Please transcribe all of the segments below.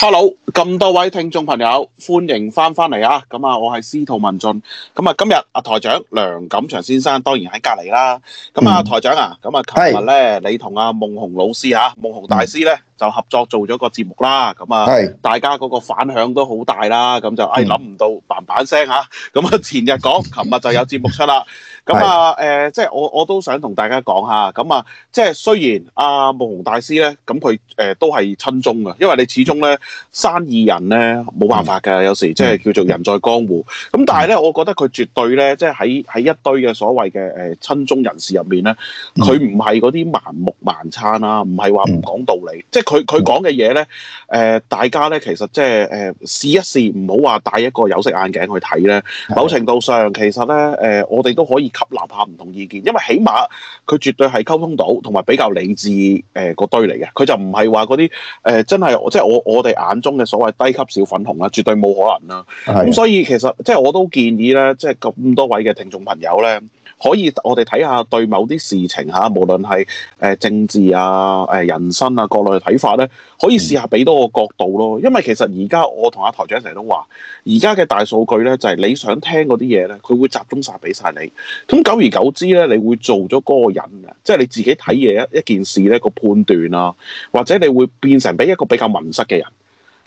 Hello，咁多位聽眾朋友，歡迎翻返嚟啊！咁啊，我係司徒文進，咁啊今日阿台長梁錦祥先生當然喺隔籬啦。咁啊、嗯、台長啊，咁啊琴日咧，呢是你同阿夢紅老師啊，夢紅大師咧就合作做咗個節目啦。咁啊，大家嗰個反響都好大啦。咁就唉諗唔到板板聲，嘭嘭聲吓。咁啊前日講，琴日就有節目出啦。是嗯 咁啊，誒、呃，即係我我都想同大家講下，咁啊，即係雖然阿慕容大師咧，咁佢誒都係親中㗎，因為你始終咧生意人咧冇辦法㗎，嗯、有時即係叫做人在江湖，咁但係咧，我覺得佢絕對咧，即係喺喺一堆嘅所謂嘅誒、呃、親中人士入面咧，佢唔係嗰啲盲目盲餐啦，唔係話唔講道理，嗯、即係佢佢講嘅嘢咧，誒大家咧其實即係誒試一試唔好話戴一個有色眼鏡去睇咧，某程度上其實咧誒我哋都可以。吸納下唔同意見，因為起碼佢絕對係溝通到，同埋比較理智誒個堆嚟嘅，佢就唔係話嗰啲誒真係即係我我哋眼中嘅所謂低級小粉紅啦，絕對冇可能啦、啊。咁是的 所以其實即係我都建議咧，即係咁多位嘅聽眾朋友咧。可以，我哋睇下對某啲事情吓，無論係誒政治啊、誒人生啊各類嘅睇法咧，可以試下俾多個角度咯。因為其實而家我同阿台長成日都話，而家嘅大數據咧，就係你想聽嗰啲嘢咧，佢會集中晒俾晒你。咁久而久之咧，你會做咗嗰個人嘅，即係你自己睇嘢一一件事咧個判斷啊，或者你會變成俾一個比較聞室嘅人。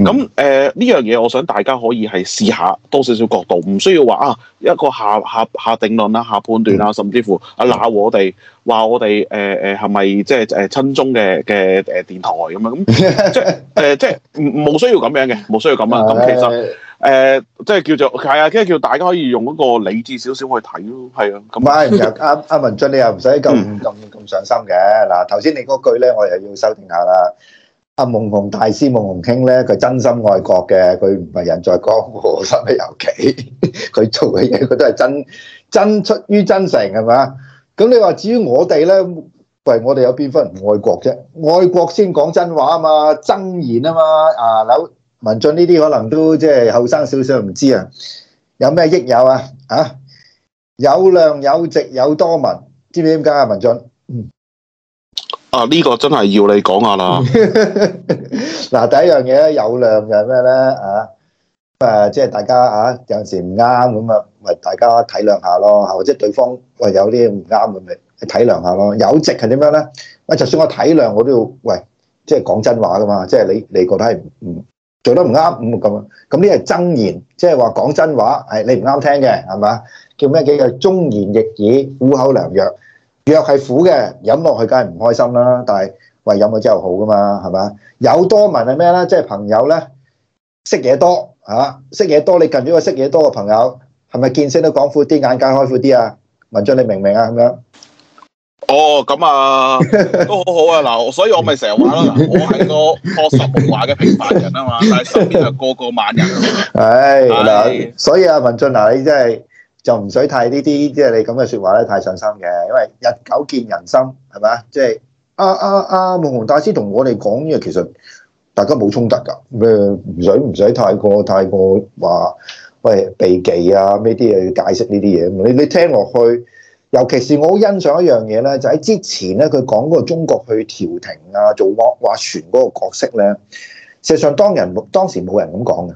咁誒呢樣嘢，我想大家可以係試下多少少角度，唔需要話啊一個下下下定論啦，下判斷啦，甚至乎鬧，我哋話我哋誒誒係咪即係誒親中嘅嘅誒電台咁樣咁，即係誒、呃、即係冇需要咁樣嘅，冇需要咁啊，咁其實誒、呃、即係叫做係啊，即係叫大家可以用嗰個理智少少去睇咯，係啊咁啊，阿阿、啊、文進，你又唔使咁咁咁上心嘅嗱，頭先你嗰句咧，我又要修訂下啦。阿夢紅大師、夢紅兄咧，佢真心愛國嘅，佢唔係人在江湖身不由己，佢 做嘅嘢佢都係真真出於真誠，係咪啊？咁你話至於我哋咧，喂，我哋有邊分唔愛國啫？愛國先講真話啊嘛，真言啊嘛，啊柳文進呢啲可能都即係後生少少，唔知啊，有咩益友啊？啊，有量有值有多文，知唔知點解啊？文進？啊！呢、這個真係要你講下啦。嗱， 第一樣嘢咧，有量就係咩咧啊？咁即係大家啊，有陣時唔啱咁啊，咪大家體諒下咯，或者對方喂、呃、有啲唔啱咁咪體諒下咯。有值係點樣咧？喂，就算我體諒，我都要喂，即係講真話噶嘛。即、就、係、是、你你覺得係唔做得唔啱咁咁啊？咁呢係真言，即係話講真話。係你唔啱聽嘅，係嘛？叫咩？叫做忠言逆耳，苦口良藥。藥係苦嘅，飲落去梗係唔開心啦。但係喂，飲咗之後好噶嘛，係嘛？有多聞係咩咧？即係朋友咧，識嘢多吓，識嘢多，你近咗個識嘢多嘅朋友，係咪見識都廣闊啲，眼界開闊啲啊？文進你明唔明啊？咁樣？哦，咁啊，都好好啊。嗱，所以我咪成日話咯，嗱，我係個樸實無華嘅平凡人啊嘛，但係身邊就個個萬人。係嗱，所以阿文進嗱，你真係。就唔使太呢啲，即係你咁嘅説話咧，太上心嘅。因為日久見人心，係咪？即係阿阿阿夢宏大師同我哋講嘅，其實大家冇衝突㗎。唔使唔使太過太過話，喂，避忌啊呢啲嘢要解釋呢啲嘢。你你聽落去，尤其是我好欣賞一樣嘢咧，就喺之前咧，佢講嗰個中國去調停啊，做斡旋嗰個角色咧。事實上當，當人當時冇人咁講嘅。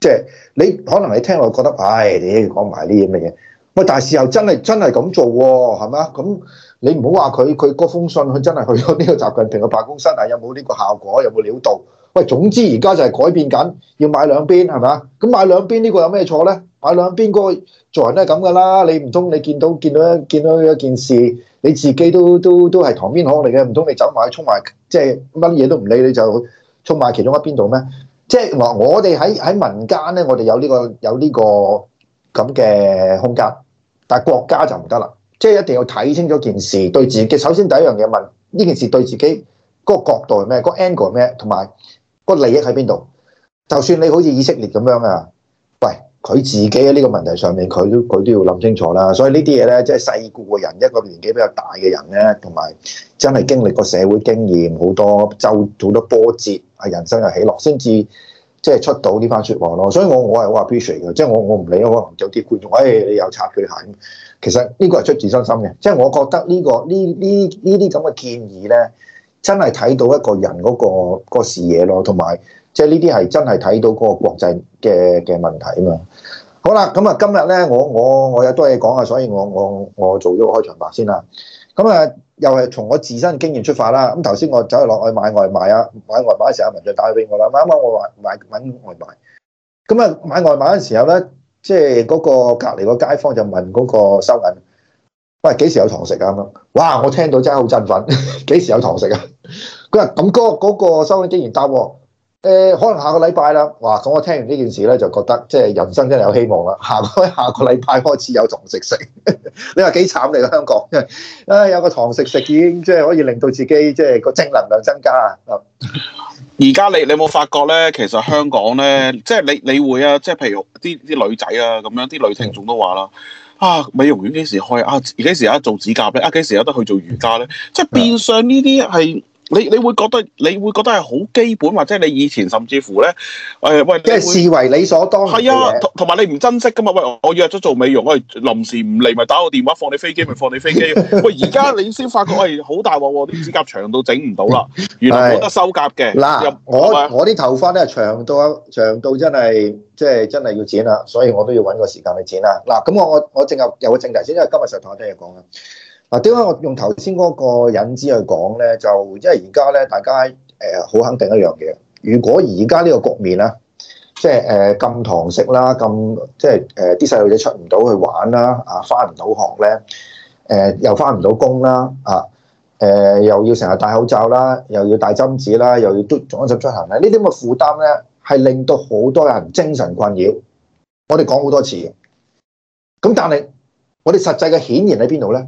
即係你可能你聽落覺得唉，你講埋呢啲咁嘢喂，但係事後真係真係咁做喎，哦，係咪啊？咁你唔好話佢佢嗰封信佢真係去咗呢個習近平嘅辦公室，但有冇呢個效果，有冇料到？喂，總之而家就係改變緊，要買兩邊係咪啊？咁買兩邊呢個有咩錯咧？買兩邊個做人都係咁噶啦，你唔通你見到見到見到一件事，你自己都都都係旁邊行嚟嘅，唔通你走埋去衝埋，即係乜嘢都唔理，你就衝埋其中一邊度咩？即係我我哋喺喺民間咧，我哋有呢個有呢個咁嘅空間，但係國家就唔得啦。即係一定要睇清楚件事對自己。首先第一樣嘢問呢件事對自己嗰個角度係咩？嗰個 angle 係咩？同埋嗰個利益喺邊度？就算你好似以色列咁樣啊！佢自己喺呢個問題上面，佢都佢都要諗清楚啦。所以呢啲嘢咧，即係世故嘅人，一個年紀比較大嘅人咧，同埋真係經歷過社會經驗好多，周好多波折，係人生嘅起落，先至即係出到呢番説話咯。所以我我係好 appreciate 嘅，即係我我唔理我可能有啲觀眾，誒、哎、你又插佢鞋。其實呢個係出自真心嘅，即係我覺得呢、呢個呢呢呢啲咁嘅建議咧，真係睇到一個人嗰、嗰個嗰、嗰個、視野咯，同埋。即係呢啲係真係睇到嗰個國際嘅嘅問題啊嘛！好啦，咁啊今日咧，我我我有多嘢講啊，所以我我我做咗個開場白先啦。咁、嗯、啊，又係從我自身經驗出發啦。咁頭先我走去落去買外賣啊，買外賣嘅時候阿文進打嚟俾我啦。啱啱我買買外賣，咁啊買外賣嘅時候咧，即係嗰個隔籬個街坊就問嗰個收銀，喂，幾時有堂食啊？咁樣，哇！我聽到真係好振奮，幾時有堂食啊？佢話，咁、嗯、嗰、嗰個嗰個收銀竟然答喎。誒， 可能下個禮拜啦，哇！咁我聽完呢件事咧，就覺得即係、就是、人生真係有希望啦。下個下個禮拜開始有堂食食， 你話幾慘嚟香港？啊、哎，有個堂食食已經即係可以令到自己即係個正能量增加啊！而家你你有冇發覺咧？其實香港咧，即係你你會啊，即係譬如啲啲女仔啊，咁樣啲女聽眾都話啦，啊，美容院幾時開啊？幾時有得做指甲咧？啊，幾時有得去做瑜伽咧？即係變相呢啲係。你你會覺得你會覺得係好基本，或者你以前甚至乎咧誒、哎、喂，即係視為理所當然。係啊，同埋你唔珍惜噶嘛？喂，我約咗做美容，我臨時唔嚟，咪打個電話放你飛機，咪放你飛機。 喂，而家你先發覺喂，好大鑊喎，啲指甲長到整唔到啦，原來我得收甲嘅。嗱，我我啲頭髮咧長到長到真係即係真係要剪啦，所以我都要揾個時間去剪啦。嗱，咁我我我正入入個正題先，因為今日上同我聽日講啊。嗱，點解我用頭先嗰個引子去講咧？就因為而家咧，大家誒好肯定一樣嘢，如果而家呢個局面啦，即係誒禁堂食啦，咁即係誒啲細路仔出唔到去玩啦，啊，翻唔到學咧，誒又翻唔到工啦，啊，誒又要成日戴口罩啦，又要戴針紙啦，又要嘟做一陣出行咧，呢啲咁嘅負擔咧，係令到好多人精神困擾。我哋講好多次嘅，咁但係我哋實際嘅顯現喺邊度咧？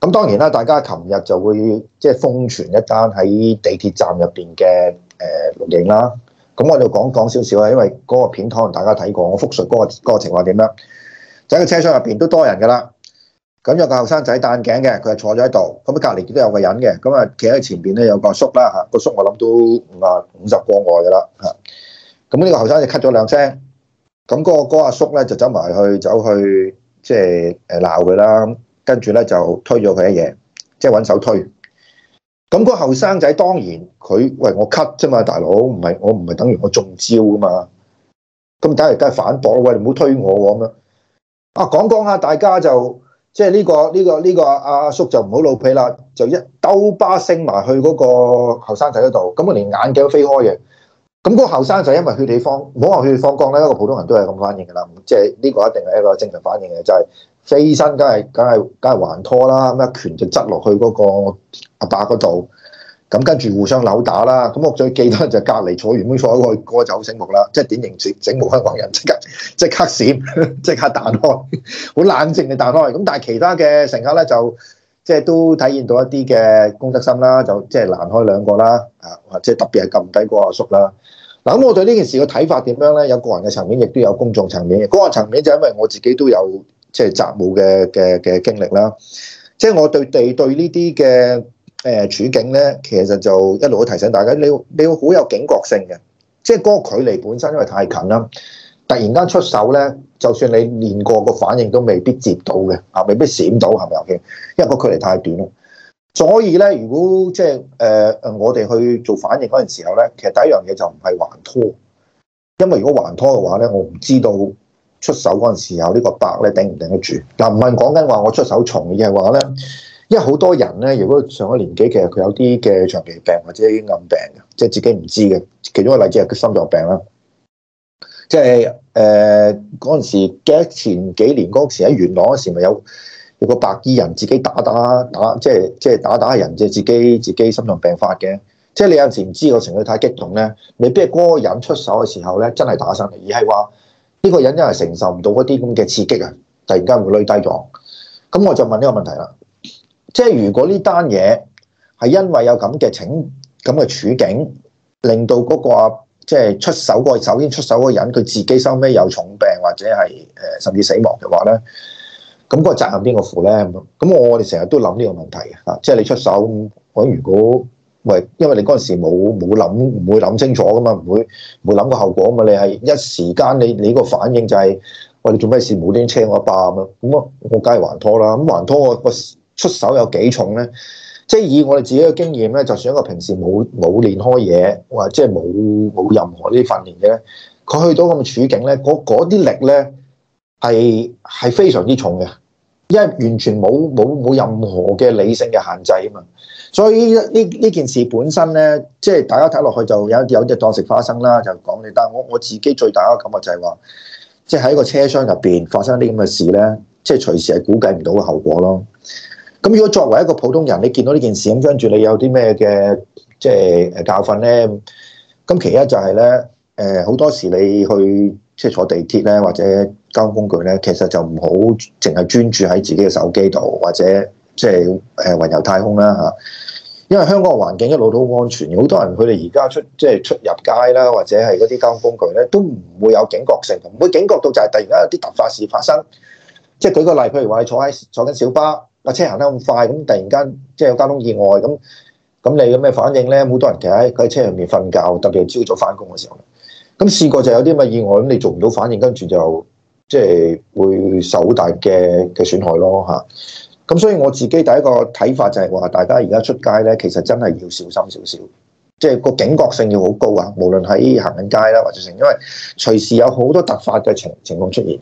咁當然啦，大家琴日就會即係瘋傳一單喺地鐵站入邊嘅誒錄影啦。咁我哋講講少少啦，因為嗰個片可能大家睇過，我複述嗰個情況點樣。就喺個車廂入邊都多人噶啦。咁有個後生仔戴眼鏡嘅，佢係坐咗喺度。咁啊，隔離都有個人嘅。咁啊，企喺前邊咧有個叔啦嚇，個叔我諗都五啊五十個外噶啦嚇。咁呢個後生就咳咗兩聲。咁、嗰、嗰個阿叔咧就走埋去走去，即係誒鬧佢啦。跟住咧就推咗佢一嘢，即係揾手推。咁、個後生仔當然佢喂我 cut 啫嘛，大佬，唔係我唔係等於我中招噶嘛。咁等係梗係反駁，喂唔好推我咁樣、啊、啦。啊，講講下大家就即係呢個呢個呢個阿叔就唔好露皮啦，就一兜巴升埋去嗰個後生仔嗰度，咁佢連眼鏡都飛開嘅。咁嗰後生就因為去地方，唔好話去放光啦，一個普通人都係咁反應噶啦，即係呢個一定係一個正常反應嘅，就係、是、飛身，梗係梗係梗係還拖啦，咁一拳就執落去嗰個阿爸嗰度，咁跟住互相扭打啦，咁我最記得就隔籬坐完妹坐一個哥就好醒目啦，即係典型整整部香港人即刻即刻閃，即刻彈開，好冷靜地彈開，咁但係其他嘅乘客咧就。即係都體現到一啲嘅公德心啦，就即係攔開兩個啦，啊或者特別係撳低個阿叔，叔啦。嗱，咁我對呢件事嘅睇法點樣咧？有個人嘅層面，亦都有公眾層面。個人層面就因為我自己都有即係習武嘅嘅嘅經歷啦。即係我對對呢啲嘅誒處境咧，其實就一路都提醒大家，你你要好有警覺性嘅。即係嗰個距離本身因為太近啦。突然間出手咧，就算你練過個反應，都未必接到嘅嚇、啊，未必閃到係咪？尤其因為個距離太短啦。所以咧，如果即係誒誒，我哋去做反應嗰陣時候咧，其實第一樣嘢就唔係還拖，因為如果還拖嘅話咧，我唔知道出手嗰陣時候呢個白咧頂唔頂得住。嗱，唔係講緊話我出手重，而係話咧，因為好多人咧，如果上咗年紀，其實佢有啲嘅長期病或者啲暗病嘅，即係自己唔知嘅。其中一個例子係佢心臟病啦。即係誒嗰陣時，記得前幾年嗰時喺元朗嗰時，咪有有個白衣人自己打打打，即係即係打打人，即係自己自己心臟病發嘅。即係你有陣時唔知個情緒太激動咧，未必係嗰個人出手嘅時候咧，真係打上嚟，而係話呢個人真係承受唔到嗰啲咁嘅刺激啊，突然間會累低咗。咁我就問呢個問題啦，即係如果呢單嘢係因為有咁嘅情咁嘅處境，令到嗰個、啊？即係出手嗰個，首先出手嗰人，佢自己收尾有重病或者係誒甚至死亡嘅話咧，咁、嗰個責任邊個負咧？咁我哋成日都諗呢個問題啊！即、就、係、是、你出手，我、嗯、如果喂，因為你嗰陣時冇冇諗，唔會諗清楚㗎嘛，唔會冇會諗個後果啊嘛！你係一時間你，你你個反應就係、是、喂，你做咩事冇端端車我一巴咁啊！咁我我梗係還拖啦！咁、嗯、還拖我個出手有幾重咧？即係以我哋自己嘅經驗咧，就算一個平時冇冇練開嘢，或者係冇冇任何呢啲訓練嘅咧，佢去到咁嘅處境咧，嗰啲力咧係係非常之重嘅，因為完全冇冇冇任何嘅理性嘅限制啊嘛。所以呢呢呢件事本身咧，即係大家睇落去就有有隻當食花生啦，就講你。但係我我自己最大嘅感覺就係話，即係喺個車廂入邊發生啲咁嘅事咧，即係隨時係估計唔到嘅後果咯。咁如果作為一個普通人，你見到呢件事咁，跟住你有啲咩嘅即係誒教訓咧？咁其一就係咧，誒好多時你去即係坐地鐵咧，或者交通工具咧，其實就唔好淨係專注喺自己嘅手機度，或者即係誒雲遊太空啦嚇。因為香港嘅環境一路都好安全，好多人佢哋而家出即係出入街啦，或者係嗰啲交通工具咧，都唔會有警覺性，唔會警覺到就係突然間有啲突發事發生。即係舉個例，譬如話你坐喺坐緊小巴。架車行得咁快，咁突然間即係有交通意外，咁咁你有咩反應呢？好多人企喺喺車上面瞓覺，特別朝早翻工嘅時候。咁試過就有啲咁嘅意外，咁你做唔到反應，跟住就即係會受好大嘅嘅損害咯嚇。咁所以我自己第一個睇法就係話，大家而家出街呢，其實真係要小心少少，即係個警覺性要好高啊！無論喺行緊街啦，或者成，因為隨時有好多突發嘅情情況出現嘅。.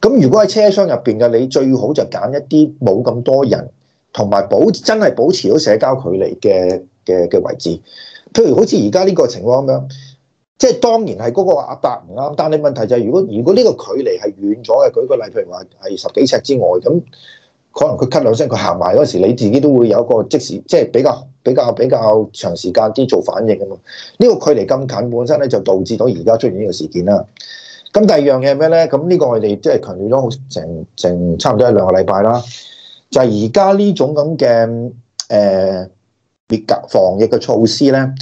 咁如果喺車廂入邊嘅，你最好就揀一啲冇咁多人，同埋保真係保持到社交距離嘅嘅嘅位置。譬如好似而家呢個情況咁樣，即係當然係嗰個阿伯唔啱，但係問題就係如果如果呢個距離係遠咗嘅，舉個例譬如話係十幾尺之外，咁可能佢咳兩聲，佢行埋嗰時，你自己都會有一個即時即係比較比較比較長時間啲做反應啊嘛。呢個距離咁近本身咧就導致到而家出現呢個事件啦。咁第二樣嘢係咩咧？咁呢個我哋即係強調咗好成成差唔多一兩個禮拜啦，就係而家呢種咁嘅誒滅隔防疫嘅措施咧，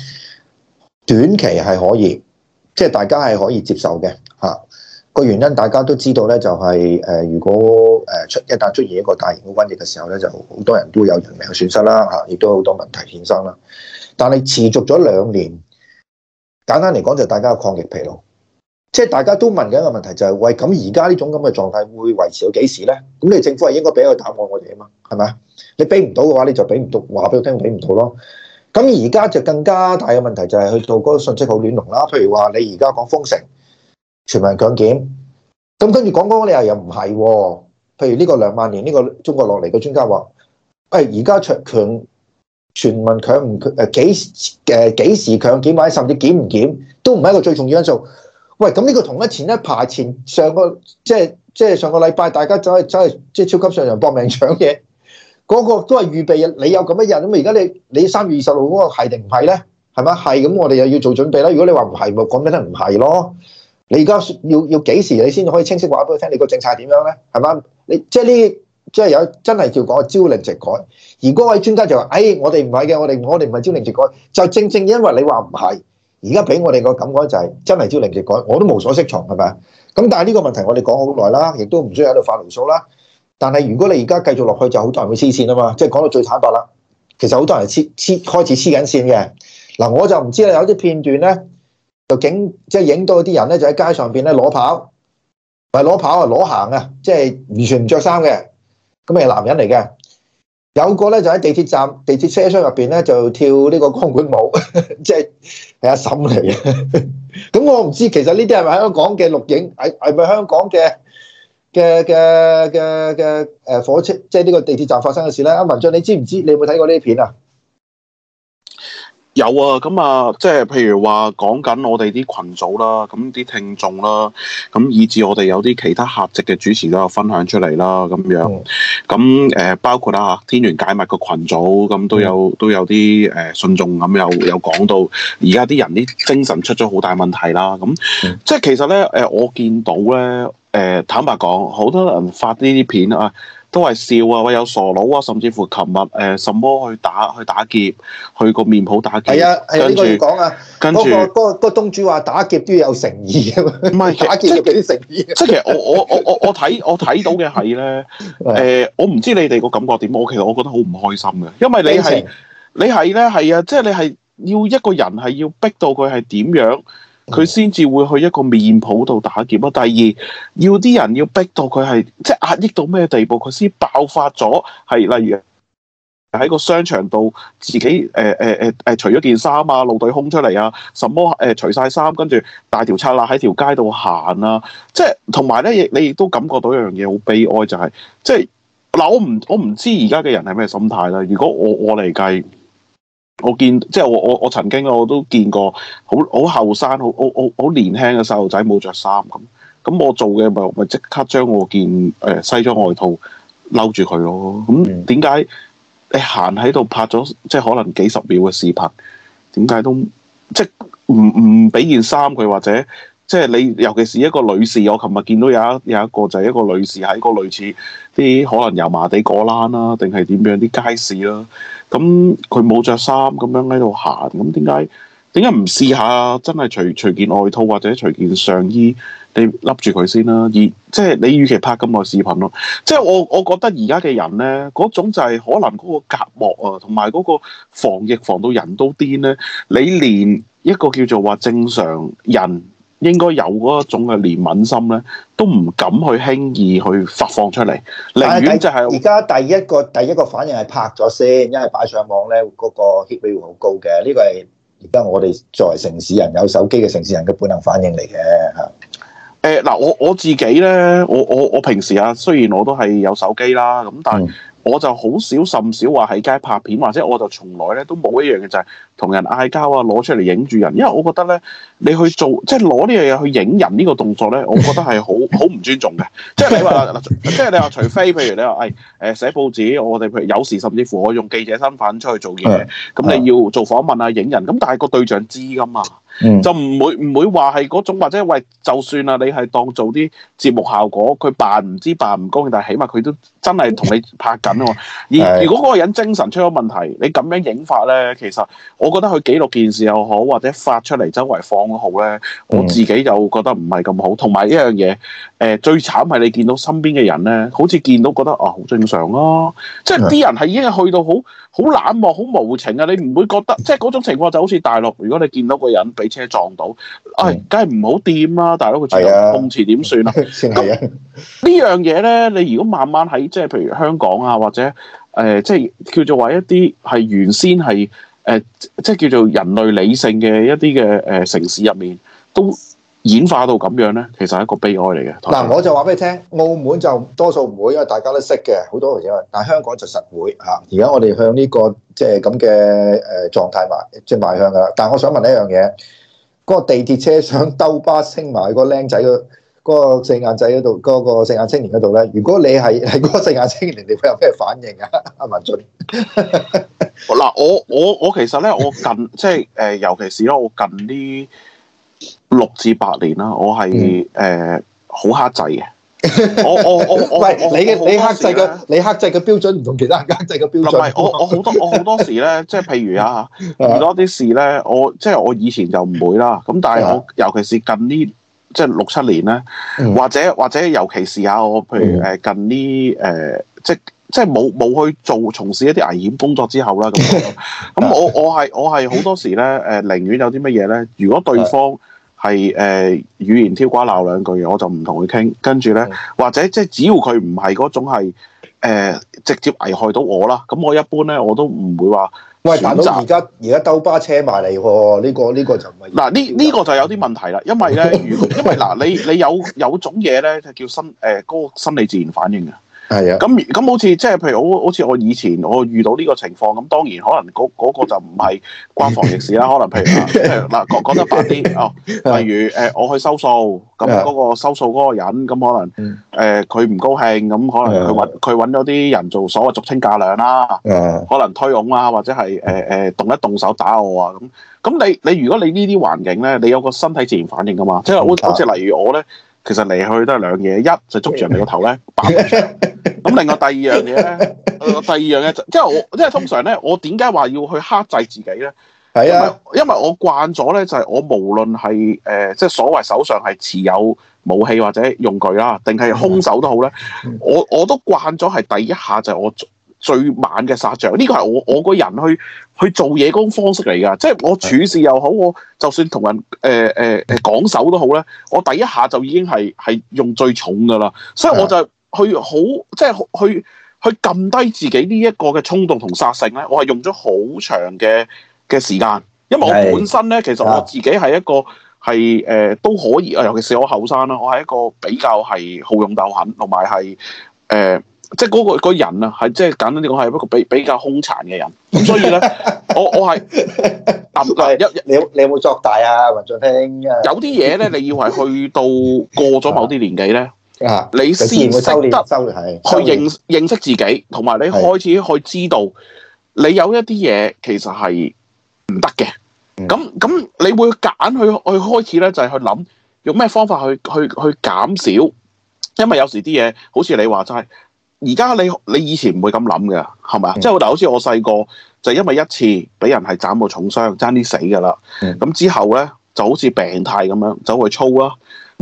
短期係可以，即係大家係可以接受嘅嚇。個原因大家都知道咧，就係誒如果誒出一旦出現一個大型嘅瘟疫嘅時候咧，就好多人都有人命嘅損失啦嚇，亦都好多問題衍生啦。但係持續咗兩年，簡單嚟講就大家嘅抗疫疲勞。即係大家都問緊一個問題，就係，喂，咁而家呢種咁嘅狀態會維持到幾時咧？咁你政府係應該俾一個答案我哋啊嘛，係咪？你俾唔到嘅話，你就俾唔到話俾我聽，俾唔到咯。咁而家就更加大嘅問題就係去到嗰個信息好亂龍啦。譬如話你而家講封城，全民強檢，咁跟住講講你又又唔係。譬如呢個兩萬年呢個中國落嚟嘅專家話，喂，而家卓強全民強唔誒幾誒幾時強檢或者甚至檢唔檢都唔係一個最重要因素。喂，咁呢個同一前一排前上個即係即係上個禮拜大家走去走去即係超級上場搏命搶嘢，嗰、那個都係預備日。你有咁嘅日是是是，咁啊而家你你三月二十號嗰個係定唔係咧？係咪？係咁，我哋又要做準備啦。如果你話唔係，咪講咩都唔係咯。你而家要要幾時你先可以清晰話俾佢聽，你個政策點樣咧？係嘛？你即係呢，即係有真係叫講朝令夕改。而嗰位專家就話，誒、哎，我哋唔係嘅，我哋我哋唔係朝令夕改。就正正因為你話唔係。而家俾我哋個感覺就係、是、真係朝令夕改，我都無所適從，係咪？咁但係呢個問題我哋講好耐啦，亦都唔需要喺度發牢騷啦。但係如果你而家繼續落去，就好多人會黐線啊嘛。即係講到最坦白啦，其實好多人黐黐開始黐緊線嘅。嗱，我就唔知啦，有啲片段咧就影，即係影到啲人咧就喺街上邊咧裸跑，唔係裸跑啊，裸行啊，即係、就是、完全唔着衫嘅。咁係男人嚟嘅，有個咧就喺地鐵站、地鐵車廂入邊咧就跳呢個鋼管舞，即係。係阿嬸嚟嘅，咁我唔知，其實呢啲係咪香港嘅錄影？係係咪香港嘅嘅嘅嘅嘅誒火車，即係呢個地鐵站發生嘅事咧？阿文進，你知唔知？你有冇睇過呢啲片啊？有啊，咁啊，即係譬如話講緊我哋啲群組啦，咁啲聽眾啦，咁以至我哋有啲其他客席嘅主持都有分享出嚟啦，咁樣，咁誒包括啦、啊、嚇天元解密個群組，咁都有都有啲誒信眾咁有有講到，而家啲人啲精神出咗好大問題啦，咁即係其實咧誒，我見到咧誒，坦白講，好多人發呢啲片啊。都係笑啊！喂，有傻佬啊！甚至乎琴日誒什麼去打去打劫，去個麵鋪打劫係啊係呢個講啊，跟住嗰個嗰個嗰東主話打劫都要有誠意啊嘛，唔係打劫要幾啲誠意？即係其實我我我我我睇我睇到嘅係咧誒，我唔知你哋個感覺點，我其實我覺得好唔開心嘅，因為你係你係咧係啊，即係你係要一個人係要逼到佢係點樣？佢先至會去一個麵鋪度打劫啊！第二，要啲人要逼到佢係即係壓抑到咩地步，佢先爆發咗。係例如喺個商場度自己誒誒誒誒除咗件衫啊，露對空出嚟啊，什麼誒除晒衫，跟住大條刷啦喺條街度行啊。即係同埋咧，亦你亦都感覺到一樣嘢好悲哀，就係、是、即係嗱，我唔我唔知而家嘅人係咩心態啦。如果我我嚟計。我見即係我我我曾經我都見過好好後生好好好年輕嘅細路仔冇着衫咁，咁我做嘅咪咪即刻將我件誒、呃、西裝外套褸住佢咯。咁點解你行喺度拍咗即係可能幾十秒嘅視頻，點解都即係唔唔俾件衫佢或者？即係你，尤其是一個女士，我琴日見到有一有一個就係一個女士喺個類似啲可能油麻地果欄啦、啊，定係點樣啲街市啦、啊，咁佢冇着衫咁樣喺度行，咁點解點解唔試下？真係隨隨件外套或者隨件上衣，你笠住佢先啦、啊。而即係你與其拍咁耐視頻咯、啊，即係我我覺得而家嘅人咧，嗰種就係可能嗰個隔膜啊，同埋嗰個防疫防到人都癲咧，你連一個叫做話正常人。應該有嗰種嘅憐憫心咧，都唔敢去輕易去發放出嚟，寧願就係而家第一個第一個反應係拍咗先，因為擺上網咧，嗰、那個 hit 率會好高嘅。呢、這個係而家我哋作為城市人有手機嘅城市人嘅本能反應嚟嘅嚇。誒嗱、呃，我我自己咧，我我我平時啊，雖然我都係有手機啦，咁但係。嗯我就好少甚少話喺街拍片，或者我就從來咧都冇一樣嘅就係、是、同人嗌交啊，攞出嚟影住人，因為我覺得咧，你去做即係攞呢樣嘢去影人呢個動作咧，我覺得係好好唔尊重嘅。即係你話， 即係你話，除非譬如你話誒誒寫報紙，我哋譬如有時甚至乎我用記者身份出去做嘢，咁的你要做訪問啊影人，咁但係個對象知㗎嘛。 就唔會唔會話係嗰種或者喂，就算啊，你係當做啲節目效果，佢扮唔知扮唔公，但係起碼佢都真係同你拍緊喎。 而如果嗰個人精神出咗問題，你咁樣影法咧，其實我覺得佢記錄件事又好，或者發出嚟周圍放都好咧，我自己就覺得唔係咁好。同埋 一樣嘢，誒、呃、最慘係你見到身邊嘅人咧，好似見到覺得啊好正常咯、啊，即係啲人係已經去到好。 好冷漠，好無情啊！你唔會覺得，即係嗰種情況就好似大陸。如果你見到個人俾車撞到，哎，梗係唔好掂啦！大佬佢知道碰瓷點算啦。是啊、咁呢樣嘢咧，你如果慢慢喺即係譬如香港啊，或者誒、呃，即係叫做話一啲係原先係誒、呃，即係叫做人類理性嘅一啲嘅誒城市入面都。演化到咁樣咧，其實係一個悲哀嚟嘅。嗱，我就話俾你聽，澳門就多數唔會，因為大家都識嘅好多嘅嘢。但係香港就實會嚇。而家我哋向呢個即係咁嘅誒狀態邁，即係邁向㗎啦。但係我想問一樣嘢，嗰個地鐵車廂兜巴星埋個僆仔嗰個四眼仔嗰度，嗰個四眼青年嗰度咧，如果你係係嗰個四眼青年，你會有咩反應啊？阿文俊，嗱， 我我我其實咧，我近即係呃，尤其是啦，我近啲六至八年啦，我係誒好克制嘅。我我我唔係你嘅， 你克制嘅，你克制嘅標準唔同其他人克制嘅標準。唔係我我好多 我好多時咧，即係譬如啊，遇到啲事咧，我即係、就是、我以前就唔會啦。咁但係我尤其是近呢即係六七年咧，或者或者尤其是啊，我譬如誒近呢誒即即係冇冇去做從事一啲危險工作之後啦。咁咁我我係我係好多時咧誒，寧願有啲乜嘢咧，如果對方。 對 il 係誒、呃、語言挑瓜鬧兩句，嘢，我就唔同佢傾。跟住咧，嗯、或者即係只要佢唔係嗰種係、呃、直接危害到我啦，咁我一般咧我都唔會話喂，擇。而家而家兜巴車埋嚟喎，呢、呢個呢、呢個就唔係嗱，呢呢個就有啲問題啦，因為咧， 因為嗱你你有有種嘢咧就叫心誒嗰心理自然反應嘅。係啊，咁咁好似即係譬如好好似我以前我遇到呢個情況咁，當然可能嗰、嗰個嗰個就唔係關防疫事啦。可能譬如嗱講講得白啲哦，例如誒、呃、我去收數，咁嗰、嗰個收數嗰個人咁可能誒佢唔高興，咁可能佢揾佢揾咗啲人做所謂俗稱假兩啦，可能推擁啦、啊，或者係誒誒動一動手打我啊咁。咁你你如果你呢啲環境咧，你有個身體自然反應㗎嘛，即係好即係例如我咧。其實嚟去都係兩嘢，一就係、捉住人哋個頭咧，打落出嚟。咁另外第二樣嘢咧，第二樣嘢即係我，即係通常咧，我點解話要去克制自己咧？係啊，因為我，因為我慣咗咧，就係我無論係誒，即、呃、係所謂手上係持有武器或者用具啦，定係空手都好咧，我我都慣咗係第一下就我。最猛嘅殺象，呢個係我我個人去去做嘢嗰種方式嚟㗎，即係我處事又好，我就算同人誒誒誒講手都好咧，我第一下就已經係係用最重㗎啦，所以我就去好即係去去撳低自己呢一個嘅衝動同殺性咧，我係用咗好長嘅嘅時間，因為我本身咧，其實我自己係一個係誒都可以啊，尤其是我後生啦，我係一個比較係好勇鬥狠，同埋係誒。呃即係嗰個人啊，係即係簡單啲講係一個比比較兇殘嘅人，咁 所以咧，我我係嗱一你你有冇作大啊？文進兄、啊，有啲嘢咧，你以為去到過咗某啲年紀咧， 你先識得收去認認識自己，同埋你開始去知道你有一啲嘢其實係唔得嘅，咁咁 你會揀去去開始咧，就係、是、去諗用咩方法去去去，去減少，因為有時啲嘢好似你話齋。而家你你以前唔會咁諗嘅，係咪？即係好似我細個就是、因為一次俾人係斬到重傷，爭啲死㗎啦。咁、嗯、之後咧就好似病態咁樣去、嗯、走去操啦，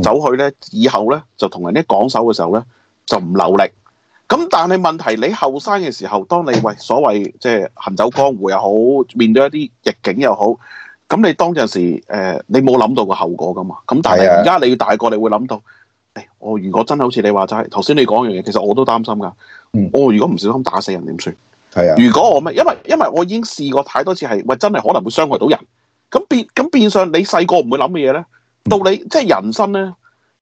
走去咧以後咧就同人一講手嘅時候咧就唔流力。咁但係問題你後生嘅時候，當你喂所謂即係行走江湖又好，面對一啲逆境又好，咁你當陣時誒、呃、你冇諗到個後果㗎嘛？咁但係而家你要大個，你會諗到。我如果真係好似你話齋，頭先你講樣嘢，其實我都擔心噶。我、嗯、如果唔小心打死人點算？係啊。是的 如果我咩？因為因為我已經試過太多次係，喂，真係可能會傷害到人。咁變咁變相，變你細個唔會諗嘅嘢咧，到你即係人生咧，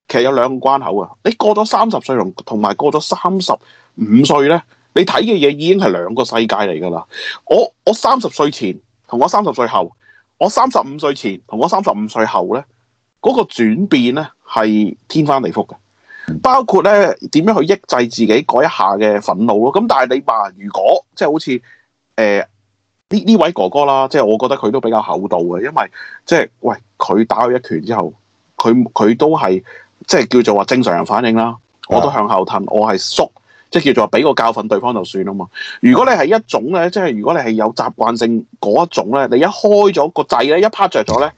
其實有兩個關口啊。你過咗三十歲同同埋過咗三十五歲咧，你睇嘅嘢已經係兩個世界嚟噶啦。我我三十歲前同我三十歲後，我三十五歲前同我三十五歲後咧。嗰個轉變咧係天翻地覆嘅，包括咧點樣去抑制自己嗰一下嘅憤怒咯。咁但係你話，如果即係好似誒呢呢位哥哥啦，即係我覺得佢都比較厚道嘅，因為即係喂佢打佢一拳之後，佢佢都係即係叫做話正常人反應啦。我都向後褪，我係縮，即係叫做俾個教訓對方就算啊嘛。如果你係一種咧，即係如果你係有習慣性嗰一種咧，你一開咗個掣咧，一趴着咗咧。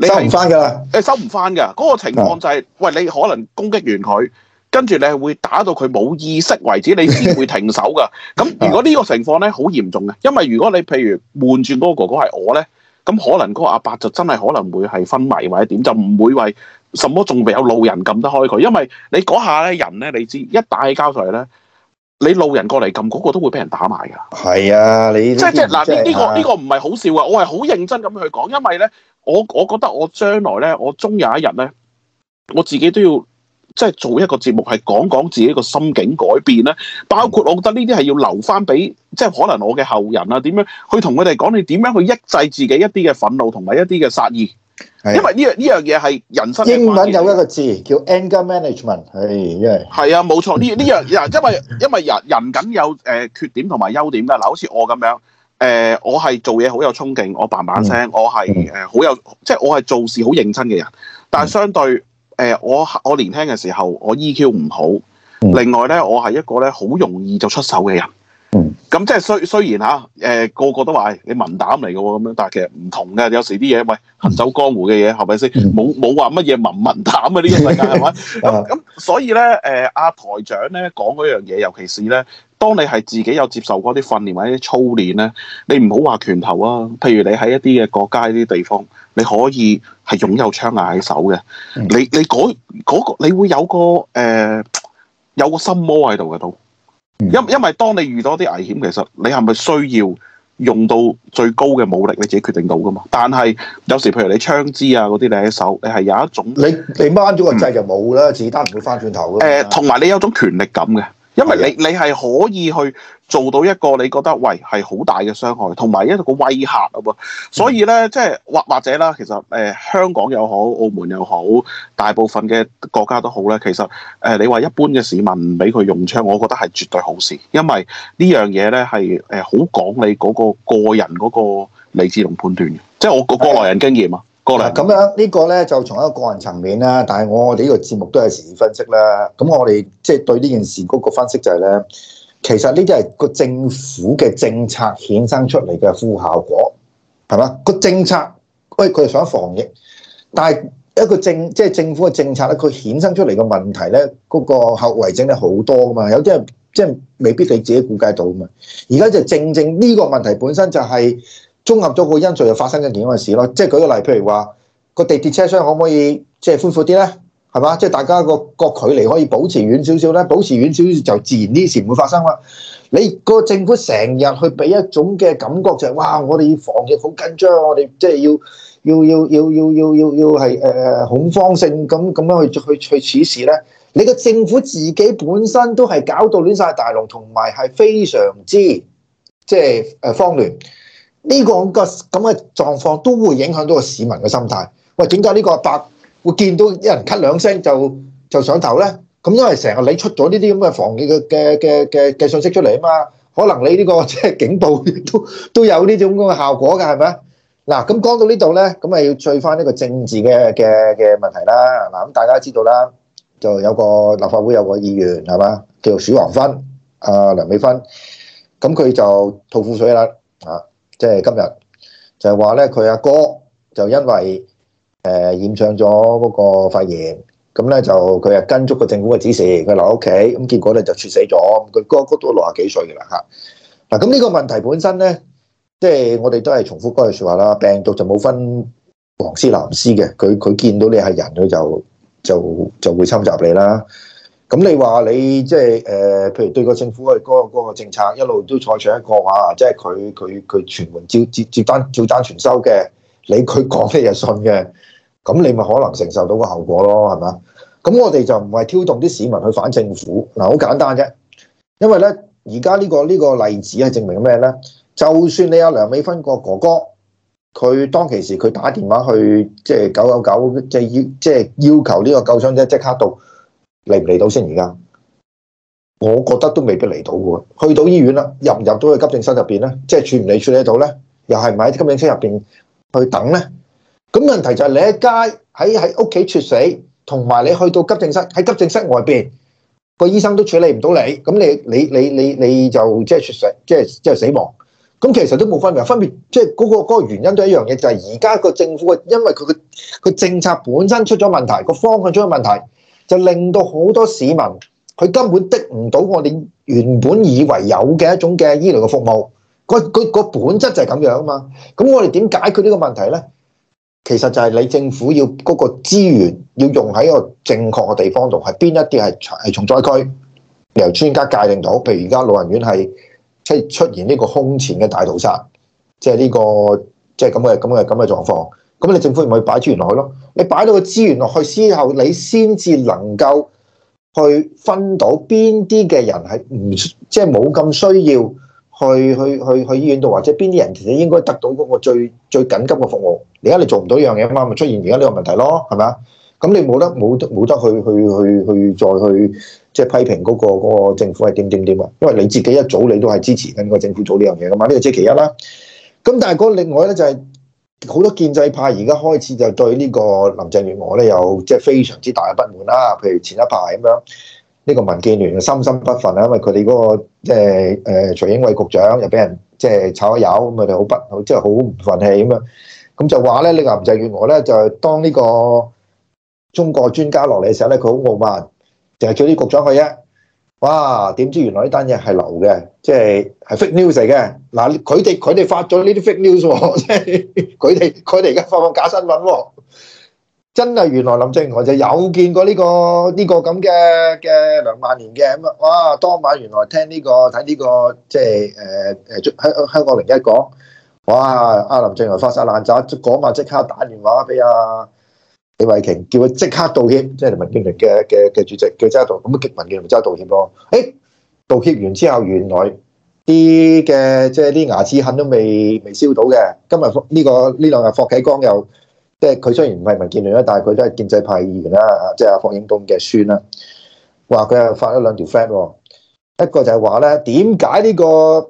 你收唔翻噶，誒收唔翻噶，嗰個情況就係，喂你可能攻擊完佢，跟住你係會打到佢冇意識為止，你先會停手噶。咁如果呢個情況咧，好嚴重嘅，因為如果你譬如換轉嗰個哥哥係我咧，咁可能嗰個阿伯就真係可能會係昏迷或者點，就唔會為什麼仲未有路人撳得開佢，因為你嗰下咧人咧，你知一打起交上嚟咧，你路人過嚟撳嗰個都會俾人打埋噶。係啊，你即係即係嗱呢呢個呢個唔係好笑啊，我係好認真咁樣去講，因為咧。我我覺得我將來咧，我終有一日咧，我自己都要即係做一個節目，係講講自己個心境改變咧。包括我覺得呢啲係要留翻俾即係可能我嘅後人啊，點樣去同佢哋講你點樣去抑制自己一啲嘅憤怒同埋一啲嘅殺意。啊、因為呢樣呢樣嘢係人生，英文有一個字叫 anger management。係因為係啊，冇、啊、錯呢呢樣嘢，因為 因為人人梗有誒缺點同埋優點㗎。嗱，好似我咁樣。誒、呃，我係做嘢好有衝勁，我 bang bang 聲，我係誒好有，即係我係做事好認真嘅人。但係相對誒，我我年輕嘅時候，我 EQ 唔好。另外咧，嗯、我係一個咧好容易就出手嘅人。咁即係雖雖然嚇誒、呃、個個都話，你文膽嚟嘅喎咁樣，但係其實唔同嘅。有時啲嘢，喂，行走江湖嘅嘢係咪先？冇冇話乜嘢文文膽嘅呢個世界係咪？咁咁，所以咧誒，阿台長咧講嗰樣嘢，尤其是咧。當你係自己有接受過啲訓練或者啲操練咧，你唔好話拳頭啊。譬如你喺一啲嘅國家啲地方，你可以係擁有槍械喺手嘅。你你嗰、嗰個嗰個、你會有個誒、呃、有個心魔喺度嘅都。因因為當你遇到啲危險，其實你係咪需要用到最高嘅武力？你自己決定到噶嘛。但係有時譬如你槍支啊嗰啲你喺手，你係有一種你你掹咗個掣就冇啦，嗯、子彈唔會翻轉頭嘅。同埋、呃、你有種權力感嘅。因為你你係可以去做到一個你覺得喂係好大嘅傷害，同埋一個威嚇啊，所以咧即係或或者啦，其實誒、呃、香港又好，澳門又好，大部分嘅國家都好咧。其實誒、呃、你話一般嘅市民唔俾佢用槍，我覺得係絕對好事，因為呢樣嘢咧係誒好講你嗰個個人嗰個理智同判斷嘅，即係我個過來人經驗啊。咁、嗯、樣這個呢個咧就從一個個人層面啦，但係我哋呢個節目都有時事分析啦。咁我哋即係對呢件事嗰個分析就係、是、咧，其實呢啲係個政府嘅政策衍生出嚟嘅負效果，係嘛？個政策，喂，佢係想防疫，但係一個政即係政府嘅政策咧，佢衍生出嚟嘅問題咧，嗰、那個後遺症咧好多噶嘛。有啲人即係未必你自己估計到啊嘛。而家就正正呢個問題本身就係、是。綜合咗個因素又發生一件咁嘅事咯，即係舉個例，譬如話個地鐵車廂可唔可以即係寬闊啲咧？係嘛？即係大家個個距離可以保持遠少少咧，保持遠少少就自然啲事唔會發生啦。你個政府成日去俾一種嘅感覺就係、是、哇，我哋防疫好緊張，我哋即係要要要要要要要要係誒恐慌性咁咁樣去去去處事咧。你個政府自己本身都係搞到亂晒大龍，同埋係非常之即係誒慌亂。呢個個咁嘅狀況都會影響到個市民嘅心態。喂，點解呢個阿伯會見到一人咳兩聲就就上頭咧？咁因為成日你出咗呢啲咁嘅防疫嘅嘅嘅嘅嘅信息出嚟啊嘛，可能你呢個即係警報都都有呢種咁嘅效果㗎，係咪啊？嗱，咁講到呢度咧，咁咪要追翻呢個政治嘅嘅嘅問題啦。嗱，咁大家知道啦，就有個立法會有個議員係嘛，叫做許黃芬啊梁美芬，咁佢就吐苦水啦啊！即係今日就係話咧，佢阿哥就因為誒染上咗嗰個肺炎，咁咧就佢啊跟足個政府嘅指示，佢留屋企，咁結果咧就猝死咗，佢哥哥都六十幾歲嘅啦嚇。嗱咁呢個問題本身咧，即係我哋都係重複嗰句説話啦，病毒就冇分黃絲藍絲嘅，佢佢見到你係人，佢就就就會侵襲你啦。咁你話你即係誒，譬如對個政府嗰個嗰個政策一路都採取一個話、啊，即係佢佢佢全門照、照單、照單全收嘅，你佢講你就信嘅，咁你咪可能承受到個後果咯，係咪？咁我哋就唔係挑動啲市民去反政府嗱，好、啊、簡單啫。因為咧，而家呢個呢個例子係證明咩咧？就算你阿梁美芬個哥哥，佢當其時佢打電話去即係九九九，即係要即係要求呢個救傷者即刻到。嚟唔嚟到先？而家我覺得都未必嚟到喎。去到醫院啦，入唔入到去急症室入邊咧？即係處唔理處理得到咧？又係唔喺急症室入邊去等咧？咁問題就係你喺街喺喺屋企猝死，同埋你去到急症室喺急症室外邊，個醫生都處理唔到你，咁你你你你你就即係猝死，即係即係死亡。咁其實都冇分別，分別即係嗰個嗰個原因都一樣嘢，就係而家個政府嘅，因為佢嘅佢政策本身出咗問題，個方向出咗問題。就令到好多市民佢根本得唔到我哋原本以為有嘅一種嘅醫療嘅服務，個個本質就係咁樣啊嘛。咁我哋點解決呢個問題呢？其實就係你政府要嗰個資源要用喺個正確嘅地方度，係邊一啲係係重災區，由專家界定到。譬如而家老人院係即係出現呢個空前嘅大屠殺，即係呢個即係咁嘅咁嘅咁嘅狀況。就是咁你政府咪擺資源落去咯？你擺到個資源落去之後，你先至能夠去分到邊啲嘅人係唔即係冇咁需要去去去去醫院度，或者邊啲人其實應該得到嗰個最最緊急嘅服務。而家你做唔到一樣嘢啊嘛，咪出現而家呢個問題咯，係咪啊？咁你冇得冇得冇得去去去去再去即係批評嗰個嗰個政府係點點點啊？因為你自己一組你都係支持緊個政府做呢樣嘢噶嘛，呢個即係其一啦。咁但係嗰另外咧就係。好多建制派而家開始就對呢個林鄭月娥咧，有即係非常之大嘅不滿啦。譬如前一排咁樣，呢、這個民建聯心心不忿啦，因為佢哋嗰個即係誒徐英偉局長又俾人即係、就是、炒咗魷，咁佢哋好不即係好唔忿氣咁樣。咁就話、是、咧呢、這個林鄭月娥咧就當呢個中國專家落嚟嘅時候咧，佢好傲慢，就係叫啲局長去啫。哇！點知原來呢單嘢係流嘅，即、就、係、是、係 fake news 嚟嘅嗱。佢哋佢哋發咗呢啲 fake news、啊。 佢哋佢哋而家放個假新聞喎、哦，真係原來林鄭月娥就有見過呢、這個呢、這個咁嘅嘅梁萬年嘅咁啊！哇，當晚原來聽呢、這個睇呢個即係誒誒香香港零一講，哇！阿林鄭月娥發晒爛渣，即嗰晚即刻打電話俾阿李慧瓊，叫佢即刻道歉，即、就、係、是、民建聯嘅嘅嘅主席，叫即刻道歉，咁啊極民建聯即刻道歉咯。誒、哎，道歉完之後原來。啲嘅即係啲牙齒痕都未未燒到嘅。今日呢個呢兩日霍啟剛又即係佢雖然唔係民建聯啦，但係佢都係建制派議員啦。即係阿霍英東嘅孫啦，話佢又發咗兩條 friend，一個就係話咧，點解呢個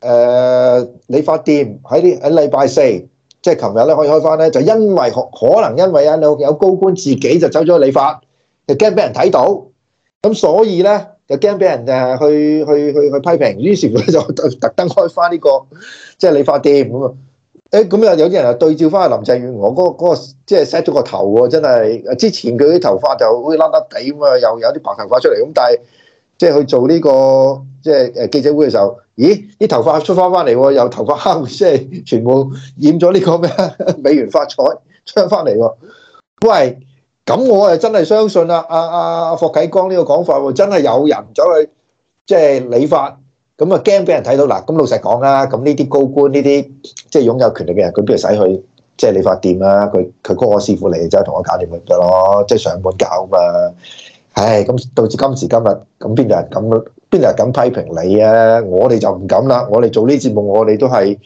誒理髮店喺啲喺禮拜四即係琴日咧可以開翻咧，就因為可能因為啊有高官自己就走咗去理髮，就驚俾人睇到，咁所以咧。又驚俾人就去去去去批評，於是乎就特特登開翻呢、這個即係、就是、理髮店咁啊！誒咁又有啲人又對照翻阿林鄭月娥嗰、那個即係 set 咗個頭喎，真係之前佢啲頭髮就好似甩甩地咁啊，又有啲白頭髮出嚟咁，但係即係去做呢、這個即係誒記者會嘅時候，咦啲頭髮出翻翻嚟喎，又頭髮黑，即、就、係、是、全部染咗呢個咩 美元發彩出翻嚟喎，喂！咁我誒真係相信啊啊啊霍啟剛呢個講法喎，真係有人走去即係理髮，咁啊驚俾人睇到嗱。咁老實講啦，咁呢啲高官呢啲即係擁有權力嘅人，佢邊度使去即係理髮店啊？佢佢嗰個師傅嚟就同我搞掂佢嘅咯，即係上門搞啊。唉，咁導致今時今日，咁邊有人敢？邊有人敢批評你啊？我哋就唔敢啦。我哋做呢啲節目，我哋都係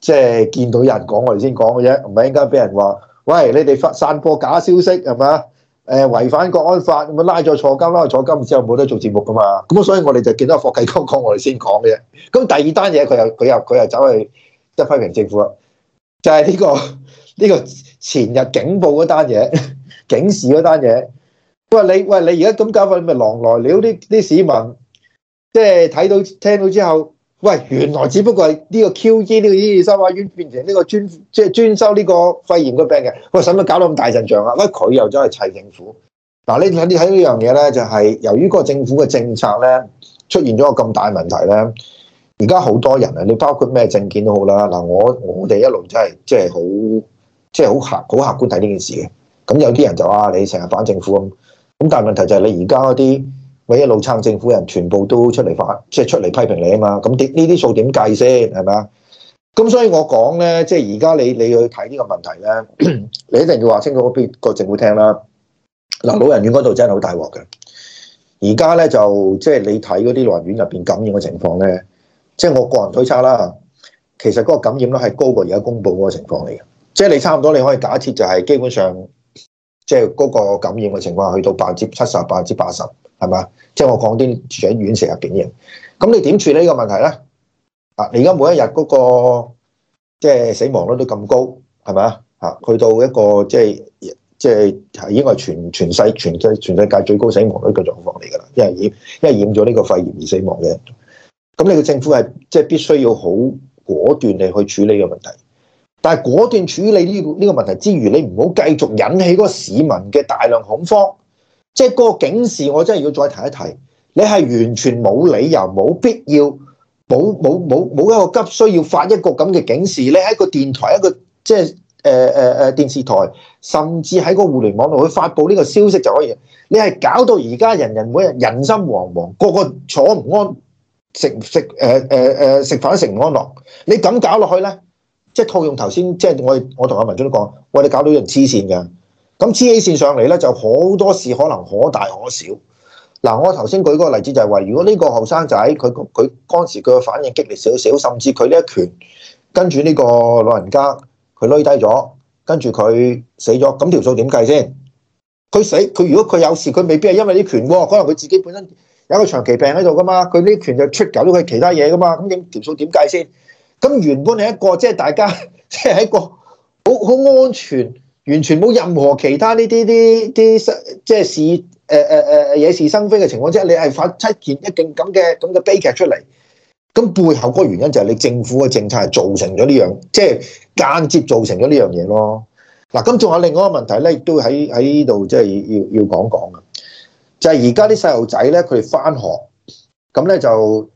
即係見到有人講我哋先講嘅啫，唔係應該俾人話。喂，你哋散播假消息係嘛？誒、呃，違反國安法咁樣拉咗坐監啦，坐監之後冇得做節目噶嘛。咁啊，所以我哋就見到霍啟剛講，我哋先講嘅啫。咁第二單嘢，佢又佢又佢又走去即係批評政府啦。就係呢個呢個前日警報嗰單嘢， 警示嗰單嘢。佢話你，喂你而家咁搞法，你咪狼來了！啲啲市民即係睇到聽到之後。喂，原來只不過係呢個 QE 呢個伊利沙伯醫院變成呢個專即係專收呢個肺炎個病嘅。喂，使乜搞到咁大陣仗啊？喂，佢又走去砌政府。嗱、啊，你你你睇你睇呢樣嘢咧，就係、是、由於個政府嘅政策咧出現咗個咁大問題咧。而家好多人啊，你包括咩政見都好啦。嗱，我我哋一路真係即係好即係好客好客觀睇呢件事嘅。咁有啲人就話你成日反政府咁，咁但係問題就係你而家嗰啲。你一路撐政府人，全部都出嚟反，即係出嚟批評你啊嘛！咁啲呢啲數點計先係咪啊？咁所以我講咧，即係而家你你去睇呢個問題咧， 你一定要話清楚俾個政府聽啦。嗱，老人院嗰度真係好大鑊嘅。而家咧就即係你睇嗰啲老人院入邊感染嘅情況咧，即係我個人推測啦，其實嗰個感染咧係高過而家公佈嗰個情況嚟嘅。即係你差唔多你可以假設就係基本上，即係嗰個感染嘅情況去到百分之七十、百分之八十。係嘛？即係我講啲住喺院舍入邊啲人，咁你點處理呢個問題咧？啊，你而家每一日嗰個即係死亡率都咁高，係嘛？吓，去到一個即係即係係已經係全全世界全全世界最高死亡率嘅狀況嚟噶啦，因為染因為染咗呢個肺炎而死亡嘅。咁你個政府係即係必須要好果斷地去處理呢個問題，但係果斷處理呢個呢個問題之餘，你唔好繼續引起嗰個市民嘅大量恐慌。即係嗰個警示，我真係要再提一提。你係完全冇理由、冇必要、冇冇冇冇一個急需要發一個咁嘅警示。你喺個電台、一個即係誒誒誒電視台，甚至喺個互聯網度去發布呢個消息就可以。你係搞到而家人人每日人心惶惶，個個坐唔安食食誒誒誒食飯都食唔安樂。你咁搞落去咧，即係套用頭先，即係我我同阿文進都講，喂，你搞到人黐線噶。咁黐起線上嚟咧，就好多事可能可大可小。嗱，我頭先舉嗰個例子就係話，如果呢個後生仔佢佢嗰陣時佢嘅反應激烈少少，甚至佢呢一拳跟住呢個老人家佢攆低咗，跟住佢死咗，咁條數點計先？佢死，佢如果佢有事，佢未必係因為呢拳喎，可能佢自己本身有一個長期病喺度噶嘛，佢呢拳就出搞到佢其他嘢噶嘛，咁點條數點計先？咁原本係一個即係大家即係一個好好安全。完全冇任何其他呢啲啲啲即係事誒誒誒惹是生非嘅情況之下，你係發七件一勁咁嘅咁嘅悲劇出嚟。咁背後嗰個原因就係你政府嘅政策係造成咗呢樣，即係間接造成咗呢樣嘢咯。嗱，咁仲有另外一個問題咧，亦都喺喺度即係要要講講嘅，就係而家啲細路仔咧，佢哋返學咁咧，就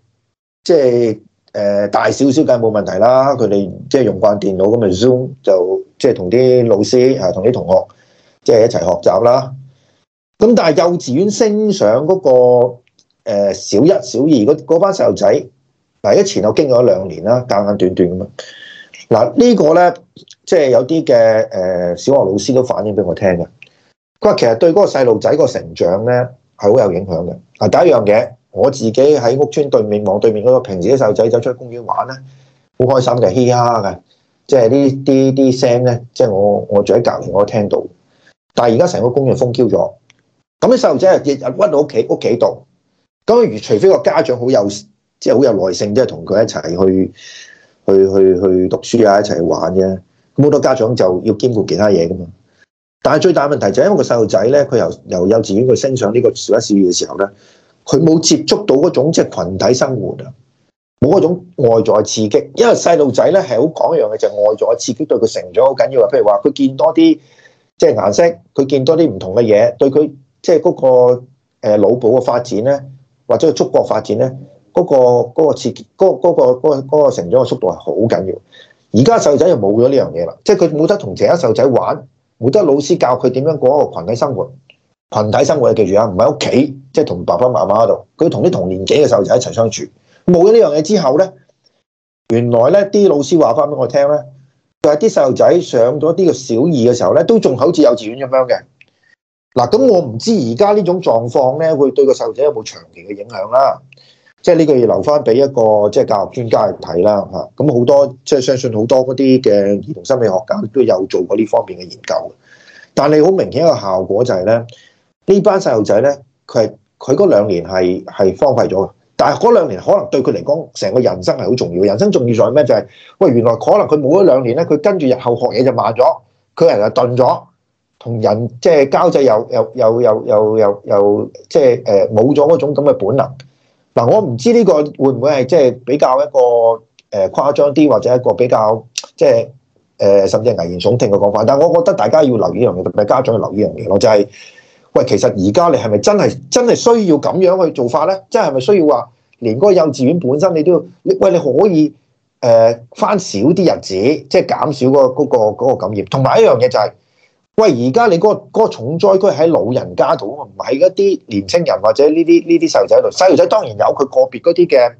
即係誒大少少梗係冇問題啦。佢哋即係用慣電腦咁咪 zoom 就。即係同啲老師啊，同啲同學即係一齊學習啦。咁但係幼稚園升上嗰個誒小一、小二嗰班細路仔，嗱，一前後經過咗兩年啦，間間斷斷咁啊。嗱呢個咧，即係有啲嘅誒小學老師都反映俾我聽嘅。佢話其實對嗰個細路仔個成長咧係好有影響嘅。啊，第一樣嘢，我自己喺屋村對面望對面嗰個平時啲細路仔走出去公園玩咧，好開心嘅，嘻哈嘅。即係呢啲啲聲咧，即係我我住喺隔離我都聽到。但係而家成個公園封嬌咗，咁啲細路仔日日屈到屋企屋企度。咁如除非個家長好有，即係好有耐性，即係同佢一齊去去去去，去讀書啊，一齊玩啫。咁好多家長就要兼顧其他嘢㗎嘛。但係最大問題就係因為個細路仔咧，佢由由幼稚園佢升上呢個小一小二嘅時候咧，佢冇接觸到嗰種即係群體生活啊。冇嗰種外在刺激，因為細路仔咧係好講樣嘅，就係外在刺激對佢成長好緊要啊！譬如話，佢見多啲即係顏色，佢見多啲唔同嘅嘢，對佢即係嗰個誒腦部嘅發展咧，或者係觸覺發展咧，嗰、嗰個嗰個刺激，嗰、嗰、嗰個嗰、嗰個嗰個嗰個、成長嘅速度係好緊要。而家細路仔就冇咗呢樣嘢啦，即係佢冇得同其他細路仔玩，冇得老師教佢點樣過一個群體生活，群體生活啊！記住啊，唔喺屋企，即係同爸爸媽媽嗰度，佢同啲同年紀嘅細路仔一齊相處。冇咗呢樣嘢之後咧，原來咧啲老師話翻俾我聽咧，就係啲細路仔上咗啲個小二嘅時候咧，都仲好似幼稚園咁樣嘅。嗱、啊，咁我唔知而家呢種狀況咧，會對個細路仔有冇長期嘅影響啦。即係呢個要留翻俾一個即係教育專家去睇啦嚇。咁好多即係相信好多嗰啲嘅兒童心理學家都有做過呢方面嘅研究。但係好明顯嘅效果就係咧，班呢班細路仔咧，佢係佢嗰兩年係係荒廢咗嘅。但係嗰兩年可能對佢嚟講，成個人生係好重要。人生重要在咩？就係喂，原來可能佢冇咗兩年咧，佢跟住日後學嘢就慢咗，佢人就鈍咗，同人即係交際又又又又又又即係誒冇咗嗰種咁嘅本能。嗱，我唔知呢個會唔會係即係比較一個誒誇張啲，或者一個比較即係誒甚至係危言聳聽嘅講法。但係我覺得大家要留意呢樣嘢，特別家長要留意呢樣嘢咯，就係。喂，其實而家你係咪真係真係需要咁樣去做法咧？即係係咪需要話連嗰個幼稚園本身你都要？喂，你可以誒、呃、翻少啲日子，即係減少嗰、嗰、嗰、個嗰個嗰個感染。同埋一樣嘢就係、係，喂而家你嗰、嗰個嗰個重災區喺老人家度，唔係一啲年青人或者呢啲呢啲細路仔度，細路仔當然有佢個別嗰啲嘅，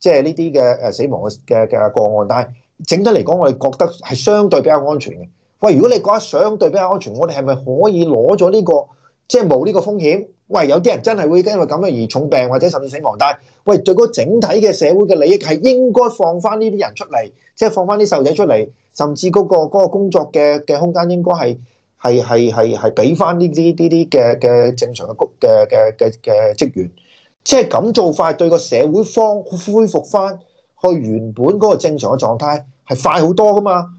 即係呢啲嘅誒死亡嘅嘅個案。但係整體嚟講，我哋覺得係相對比較安全嘅。喂，如果你覺得相對比較安全，我哋係咪可以攞咗呢個？即係冇呢個風險。喂，有啲人真係會因為咁樣而重病或者甚至死亡。但係，喂，對個整體嘅社會嘅利益係應該放翻呢啲人出嚟，即係放翻啲細路仔出嚟，甚至嗰個嗰個工作嘅嘅空間應該係係係係係俾翻呢啲啲啲嘅嘅正常嘅嘅嘅嘅嘅職員。即係咁做法，對個社會方恢復翻去原本嗰個正常嘅狀態係快好多噶嘛？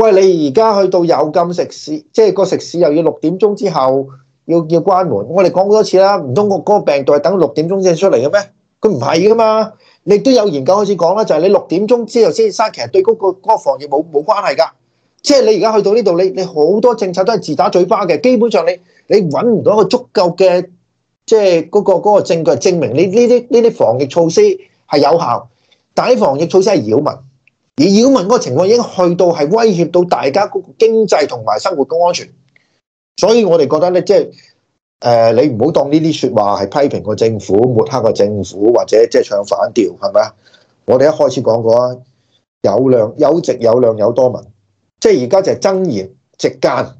喂，你而家去到有禁食肆，即係個食肆又要六點鐘之後。要要關門，我哋講好多次啦。唔通過嗰個病毒係等六點鐘先出嚟嘅咩？佢唔係噶嘛。你都有研究開始講啦，就係你六點鐘之後先生，其實對嗰個嗰個防疫冇冇關係噶。即係你而家去到呢度，你你好多政策都係自打嘴巴嘅。基本上你你揾唔到一個足夠嘅，即係嗰個嗰個證據證明你呢啲呢啲防疫措施係有效，但係防疫措施係擾民，而擾民嗰個情況已經去到係威脅到大家嗰個經濟同埋生活嘅安全。所以我哋覺得咧，即係誒，你唔好當呢啲說話係批評個政府、抹黑個政府，或者即係唱反調，係咪啊？我哋一開始講過啊，有量有直有量有多聞，即係而家就係爭言直諫，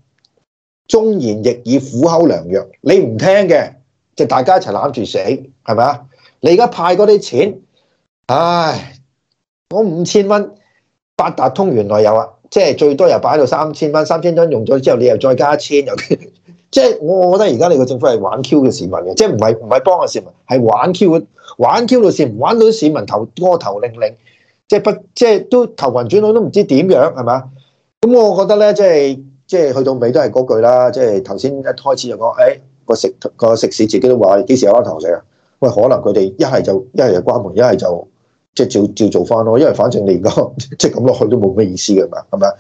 忠言逆耳苦口良藥。你唔聽嘅，就是、大家一齊攬住死，係咪啊？你而家派嗰啲錢，唉，我五千蚊，八達通原來有啊。即係最多又擺到三千蚊，三千蚊用咗之後，你又再加一千，又即係我我覺得而家你個政府係玩 Q 嘅市民嘅，即係唔係唔係幫個市民，係玩 Q 玩 Q 到市民玩到市民頭個頭擰擰，即、就、係、是、不即係、就是、都頭暈轉倒都唔知點樣係嘛？咁我覺得咧，即係即係去到尾都係嗰句啦，即係頭先一開始就講，誒、哎、個食個食肆自己都話幾時有堂食啊？喂，可能佢哋一係就一係就關門，一係就。即係照照做翻咯，因為反正你而家即係咁落去都冇咩意思噶嘛，係咪？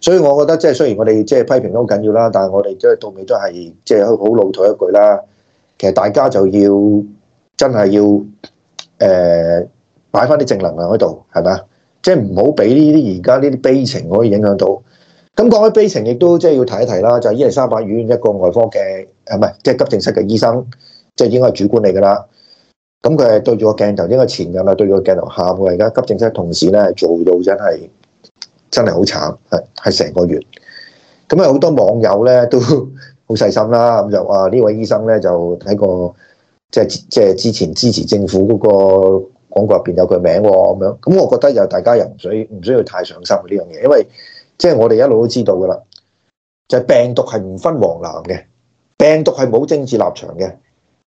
所以我覺得即係雖然我哋即係批評都好緊要啦，但係我哋都係到尾都係即係好老土一句啦。其實大家就要真係要誒、擺翻啲正能量喺度，係咪啊？即係唔好俾呢啲而家呢啲悲情可以影響到。咁講起悲情，亦都即係要提一提啦。就係伊麗莎白醫院一個外科嘅，係咪即係急症室嘅醫生，即係應該係主管嚟噶啦。咁佢係對住個鏡頭，應該前日嘛，對住個鏡頭喊，我而家急症室同事咧，做到真係真係好慘，係係成個月。咁啊，好多網友咧都好細心啦。咁就話呢位醫生咧就喺個即係即係之前支持政府嗰個廣告入邊有佢名咁、啊、樣。咁我覺得又大家又唔需唔需要太上心呢樣嘢，因為即係我哋一路都知道噶啦，就係、病毒係唔分黃藍嘅，病毒係冇政治立場嘅。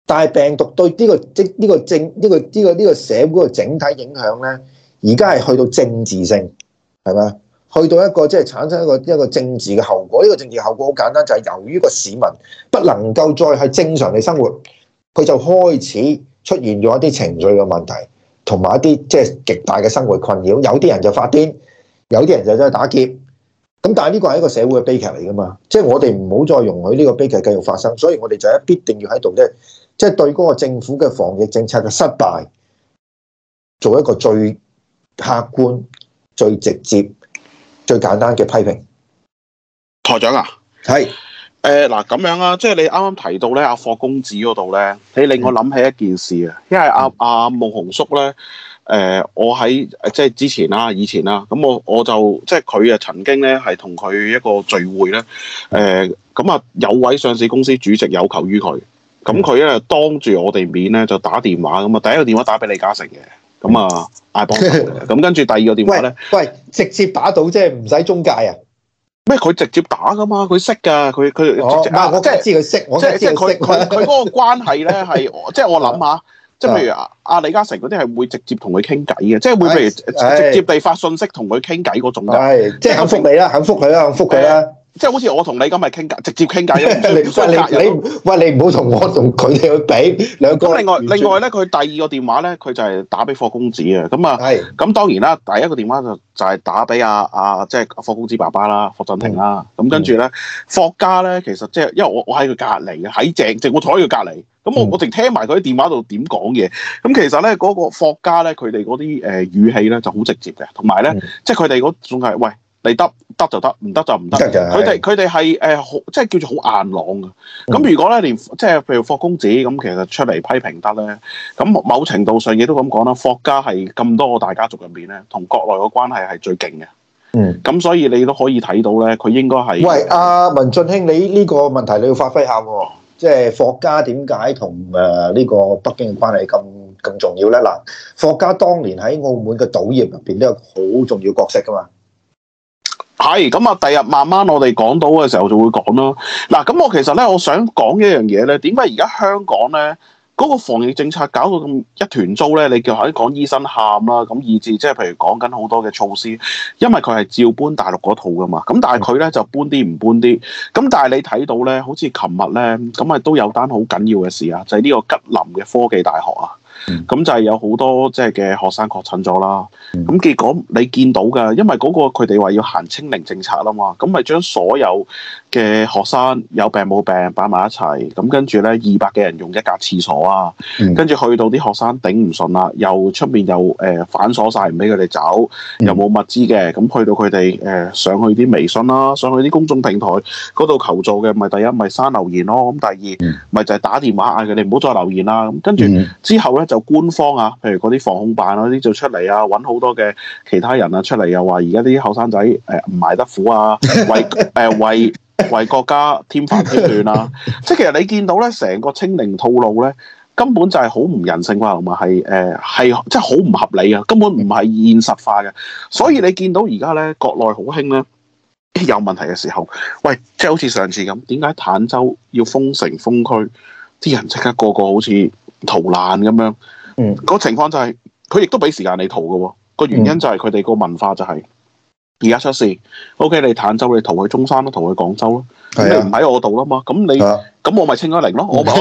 但係病毒對呢個即呢個政呢個呢個呢個社會嘅整體影響咧，而家係去到政治性，係咪？去到一個即係產生一個一個政治嘅後果。呢個政治後果好簡單，就係由於個市民不能夠再係正常嘅生活，佢就開始出現咗一啲情緒嘅問題，同埋一啲即係極大嘅生活困擾。有啲人就發癲，有啲人就走去打劫。咁但係呢個係一個社會嘅悲劇嚟噶嘛？即係我哋唔好再容許呢個悲劇繼續發生，所以我哋就一必定要喺度咧。即係對嗰個政府嘅防疫政策嘅失敗，做一個最客觀、最直接、最簡單嘅批評。台長啊，係誒嗱咁樣啊，即係你啱啱提到咧、啊、阿霍公子嗰度咧，你令我諗起一件事、嗯、啊，因為阿阿慕雄叔咧，誒、呃、我喺即係之前啦、啊，以前啦、啊，咁我我就即係佢啊曾經咧係同佢一個聚會咧，誒咁啊有位上市公司主席有求於佢。咁佢咧當住我哋面咧就打電話，咁啊第一個電話打俾李嘉誠嘅，咁啊艾伯特，咁跟住第二個電話咧，喂，直接打到即係唔使中介啊？咩？佢直接打㗎嘛？佢識㗎，佢佢我我即係知佢識，即係知佢識。佢佢嗰個關係咧係，即係我諗下，即係譬如啊，阿李嘉誠嗰啲係會直接同佢傾偈嘅，即係會譬如直接地發信息同佢傾偈嗰種，即係肯覆你啦，肯覆佢啦，肯覆佢啦。即係好似我同你咁係傾直接傾偈。喂 你，你喂，你唔好同我同佢哋去比兩個另。另外另外咧，佢第二個電話咧，佢就係打俾霍公子啊。咁啊，係咁是當然啦。第一個電話就就係打俾阿阿即係霍公子爸爸啦，霍振庭啦、啊。咁跟住咧，呢嗯、霍家咧其實即、就、係、是、因為我我喺佢隔離喺正正我坐喺佢隔離。咁我、嗯、我淨聽埋佢啲電話度點講嘢。咁其實咧嗰、那個霍家咧，佢哋嗰啲誒語氣咧就好直接嘅，同埋咧即係佢哋嗰種係喂。你得得就得，唔得就唔得。佢哋佢哋係誒，即係叫做好硬朗嘅。咁、嗯、如果咧，連即係譬如霍公子咁，其實出嚟批評得咧。咁某程度上亦都咁講啦。霍家係咁多個大家族入面咧，同國內個關係係最勁嘅。嗯。咁所以你都可以睇到咧，佢應該係喂阿、啊、文進兄，你呢個問題你要發揮下喎。即係霍家點解同誒呢個北京嘅關係咁咁重要咧？嗱，霍家當年喺澳門嘅賭業入邊都有好重要角色噶嘛。係咁啊，第日、嗯、慢慢我哋講到嘅時候就會講咯。嗱，咁我其實咧，我想講一樣嘢咧，點解而家香港咧嗰個防疫政策搞到咁一團糟咧？你叫可以講醫生喊啦，咁以至即係譬如講緊好多嘅措施，因為佢係照搬大陸嗰套㗎嘛。咁但係佢咧就搬啲唔搬啲。咁但係你睇到咧，好似琴日咧咁啊，都有單好緊要嘅事啊，就係、是、呢個吉林嘅科技大學啊。咁就係有好多即係嘅學生確診咗啦，咁結果你見到嘅，因為嗰個佢哋話要行清零政策啦嘛，咁咪將所有嘅學生有病冇病擺埋一齊，咁跟住咧二百幾人用一格廁所啊，跟住去到啲學生頂唔順啦，又出面又誒反鎖晒，唔俾佢哋走，又冇物資嘅，咁去到佢哋誒上去啲微信啦，上去啲公眾平台嗰度求助嘅，咪第一咪刪留言咯，咁第二咪就係打電話嗌佢哋唔好再留言啦，咁跟住之後咧。就官方啊，譬如嗰啲防控辦嗰啲就出嚟啊，揾好多嘅其他人啊出嚟、啊，又話而家啲後生仔誒唔挨得苦啊，為誒、呃、為為國家添煩添亂啊！即係其實你見到咧，成個清零套路咧，根本就係好唔人性化，同埋係誒係即係好唔合理啊，根本唔係現實化嘅。所以你見到而家咧，國內好興咧有問題嘅時候，喂，即係好似上次咁，點解坦洲要封城封區，啲人即刻個個好似～逃難咁樣，嗯，個情況就係、是、佢亦都俾時間你逃嘅喎，個原因就係佢哋個文化就係而家出事，O、OK, K，你坦洲你逃去中山咯，逃去廣州咯，你唔喺、啊、我度啦嘛，咁你咁、啊、我咪清咗零咯，我咪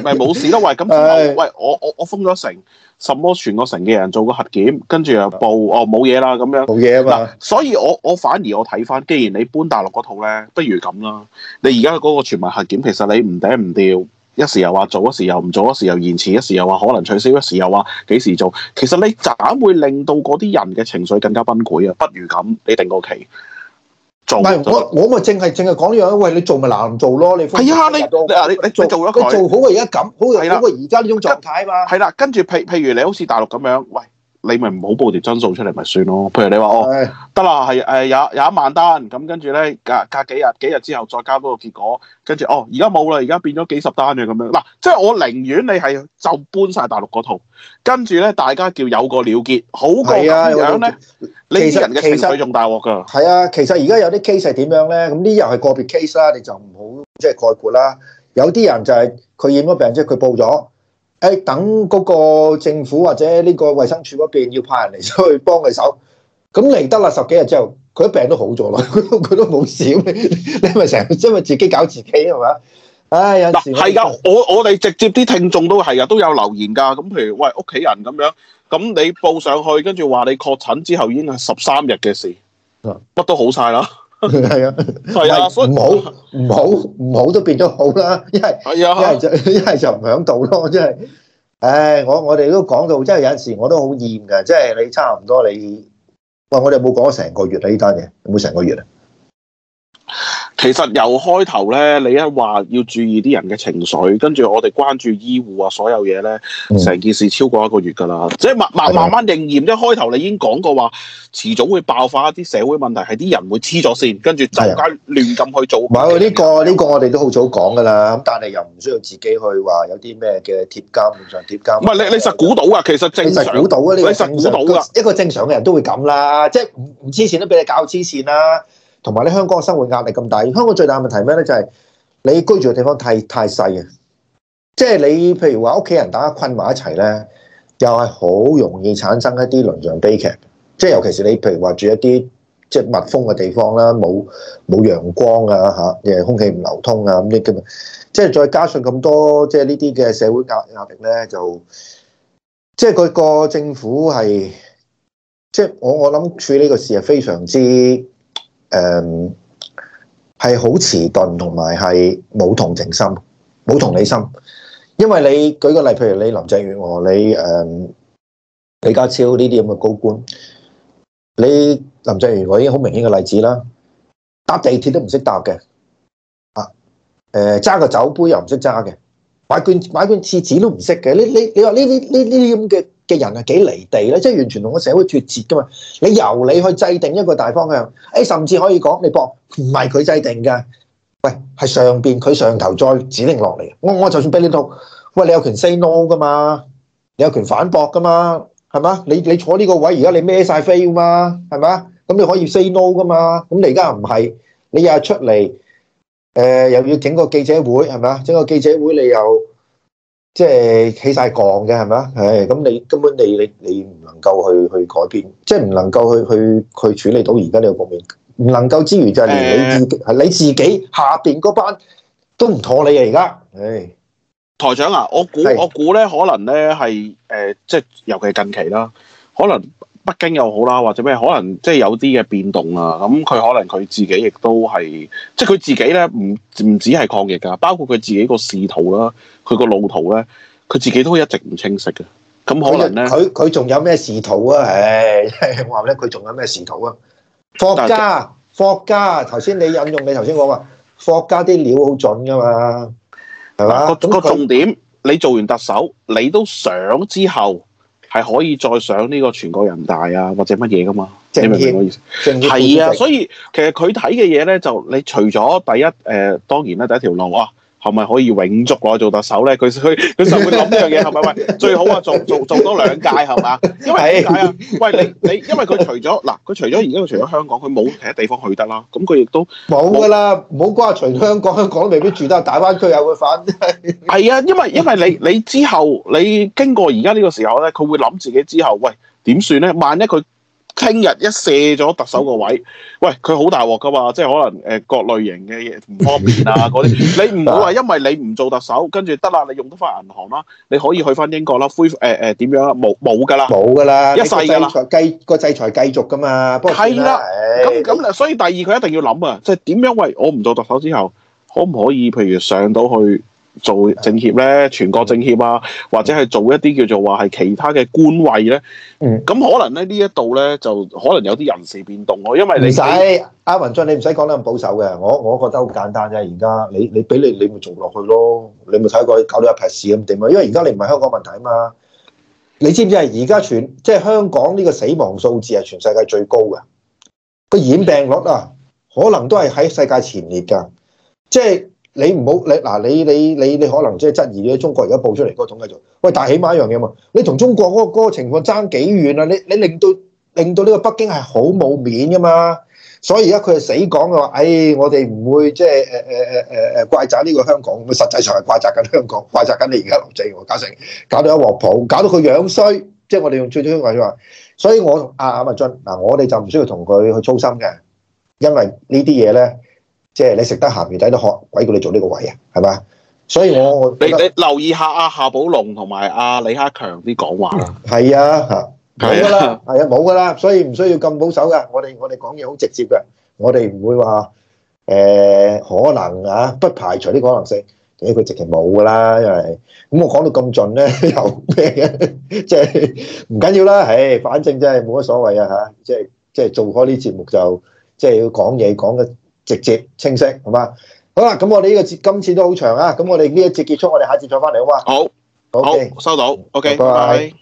咪冇事咯，喂，咁喂我我我封咗城，什麼全個城嘅人做個核檢，跟住又報哦冇嘢啦，咁樣冇嘢啊嘛，所以我我反而我睇翻，既然你搬大陸嗰套咧，不如咁啦，你而家嗰個全民核檢，其實你唔頂唔掉。一時又話做，一時又唔做，一時又延遲，一時又話可能取消，一時又話幾時做。其實你盞會令到嗰啲人嘅情緒更加崩潰啊。不如咁，你定個期做。唔係我我咪淨係淨係講呢樣。喂，你做咪難做咯。你係啊，你你做咗佢做好過而家咁，好過好過而家呢種狀態啊嘛。係啦，跟住譬譬如你好似大陸咁樣，喂。你咪唔好報條真數出嚟咪算咯，譬如你話是的 哦，得啦，係誒、呃、有有一萬單，咁跟住咧隔隔幾日幾日之後再交多個結果，跟住哦而家冇啦，而家變咗幾十單嘅咁樣。嗱即係我寧願你係就搬晒大陸嗰套，跟住咧大家叫有個了結，好過咁樣咧。的你人嘅其實佢仲大鑊㗎。係啊，其實而家有啲 case 係點樣咧？咁呢啲又係個別 case 啦，你就唔好即係概括啦。有啲人就係佢染咗病，即係佢報咗。誒、哎，等嗰個政府或者呢個衛生署嗰邊要派人嚟出去幫佢手，咁嚟得啦，十幾日之後，佢一病都好咗啦，佢 都佢都冇事， 你咪成日因為自己搞自己係嘛？唉，哎啊、有時係噶，我我哋直接啲聽眾都係啊，都有留言噶，咁譬如喂屋企人咁樣，咁你報上去，跟住話你確診之後已經係十三日嘅事，乜、啊、都好晒啦。係啊，係啊，唔 好唔好唔好都變咗好啦，一係一係就一係就唔響度咯，即係，誒、哎，我我哋都講到，即係有陣時我都好厭噶，即係你差唔多你，喂、哎，我哋有冇講咗成個月啊？呢單嘢有冇成個月啊？其實由開頭咧，你一話要注意啲人嘅情緒，跟住我哋關注醫護啊，所有嘢咧，成件事超過一個月噶啦，嗯、即係慢慢慢慢應驗。一開頭你已經講過話，遲早會爆發一啲社會問題，係啲人會黐咗線，跟住就街亂咁去做。唔係呢個呢個，這個這個，我哋都好早講噶啦，咁但係又唔需要自己去話有啲咩嘅貼金，唔想貼金。唔係你你實估到啊，其實正常。你實估到啊？這個，你實估到啊？一個正常嘅人都會咁啦，即係唔黐線都俾你搞黐線啦。同埋咧，你香港嘅生活壓力咁大，香港最大問題咩咧？就係、是、你居住嘅地方太太細嘅，即、就、係、是、你譬如話屋企人大家困埋一齊咧，又係好容易產生一啲倫常悲劇。即、就、係、是、尤其是你譬如話住一啲即係密封嘅地方啦，冇冇陽光啊嚇，又空氣唔流通啊咁啲咁，即係、就是、再加上咁多即係呢啲嘅社會壓壓力咧，就即係個個政府係即係我我諗處理呢個事係非常之。誒，係好遲鈍同埋係冇同情心、冇同理心。因為你舉個例，譬如你林鄭月娥、你誒、嗯、李家超呢啲咁嘅高官，你林鄭月娥已經好明顯嘅例子啦，搭地鐵都唔識搭嘅，啊、呃，誒揸個酒杯又唔識揸嘅，買卷買卷廁紙都唔識嘅，你你你話呢啲呢呢啲咁嘅？嘅人係，幾離地咧，即係完全同個社會脫節噶嘛。你由你去制定一個大方向，誒、哎，甚至可以講你搏唔係佢制定噶，喂，係上邊佢上頭再指令落嚟。我我就算俾你讀，喂，你有權 say no 噶嘛，你有權反駁噶嘛，係嘛？你你坐呢個位，而家你孭晒飛嘛，係嘛？咁你可以 say no 噶嘛？咁你而家唔係，你又出嚟，誒、呃，又要整個記者會，係咪？整個記者會你又？即係起晒槓嘅係咪啊？唉，咁、哎、你根本你你你唔能夠去去改變，即係唔能夠去去去處理到而家呢個局面，唔能夠之餘就係連你，、欸、你自己你自己下邊嗰班都唔妥你啊！而家，唉、哎，台長啊，我估是的 我估咧，可能咧係誒，即係尤其近期啦，可能。北京又好啦，或者咩可能即係有啲嘅變動啊，咁、嗯、佢可能佢自己亦都係，即係佢自己咧唔唔止係抗疫噶，包括佢自己個仕途啦，佢個路途咧，佢自己都一直唔清晰嘅，咁、嗯、可能咧，佢佢仲有咩仕途啊？唉、哎，話咧佢仲有咩仕途啊？霍家是霍家，頭先你引用你頭先講話霍家啲料好準噶嘛，係嘛？個重點，你做完特首，你都想之後，係可以再上呢個全國人大啊，或者乜嘢噶嘛？即係你明唔明我意思？係啊，所以其實佢睇嘅嘢咧，就你除咗第一誒、呃，當然啦，第一條路啊。係咪可以永續攞做特首咧？佢佢佢就會諗呢樣嘢，係咪喂？最好啊，做做做，做多兩屆係嘛？因為係啊，喂你你，因為佢除咗嗱，佢除咗而家佢除咗香港，佢冇其他地方去得啦。咁佢亦都冇噶啦，唔好話除香港，香港未必住得。大灣區又會反係啊，因為 因為你你之後你經過而家呢個時候咧，佢會諗自己之後喂點算咧？萬一佢。聽日一卸咗特首個位，喂佢好大鑊㗎嘛，即係可能誒、呃、各類型嘅嘢唔方便啊嗰啲， 你唔會話因為你唔做特首，跟住得啦，你用得翻銀行啦，你可以去翻英國啦，恢復誒誒點樣啊？冇冇㗎啦，冇㗎啦，一世嘅繼個制裁繼續㗎嘛，不過係啦，咁咁所以第二佢一定要諗啊，即係點樣？喂，我唔做特首之後，可唔可以譬如上到去？做政協咧，全國政協啊，或者係做一啲叫做話係其他嘅官位咧，咁、嗯、可能咧呢一度咧就可能有啲人事變動咯。因為你唔使阿文俊，你唔使講得咁保守嘅。我我覺得好簡單啫。而家你你俾你你咪做落去咯，你咪睇過搞到一排事咁點啊？因為而家你唔係香港問題啊嘛。你知唔知係而家全即係香港呢個死亡數字係全世界最高㗎，個染病率啊，可能都係喺世界前列噶，即係。你唔好你嗱你你你你可能即係質疑咧，中國而家報出嚟嗰個統計喂，但係起碼一樣嘢嘛，你同中國嗰、嗰個情況爭幾遠啊？你你令到令到呢個北京係好冇面噶嘛？所以而家佢係死講嘅話，誒、哎、我哋唔會即係誒誒誒誒誒怪責呢個香港，實際上係怪責緊香港，怪責緊你而家林鄭，搞成搞到一鑊泡，搞到佢樣衰，即、就、係、是、我哋用最中性話，所以我同阿阿文進嗱，我哋就唔需要同佢去操心嘅，因為呢啲嘢咧。即係你食得鹹魚抵得渴，鬼叫你做呢個位啊，係嘛？所以我，我你你留意下阿夏寶龍同埋阿李克強啲講話啦。係啊，嚇，冇㗎啦，係啊，冇㗎啦，所以唔需要咁保守㗎。我哋我哋講嘢好直接嘅。我哋唔會話誒、呃、可能啊，不排除啲可能性。佢直情冇㗎啦，因為咁我講到咁盡咧，有咩嘅？即係唔緊要啦，誒，反正真係冇乜所謂啊嚇。即係即係做開啲節目就即係、就是、要講嘢講嘅。講直接清晰，好嘛？好啦，咁我哋呢個節今次都好長啊，咁我哋呢一節結束，我哋下一節再翻嚟，好嘛？好，好，收到，OK，拜拜。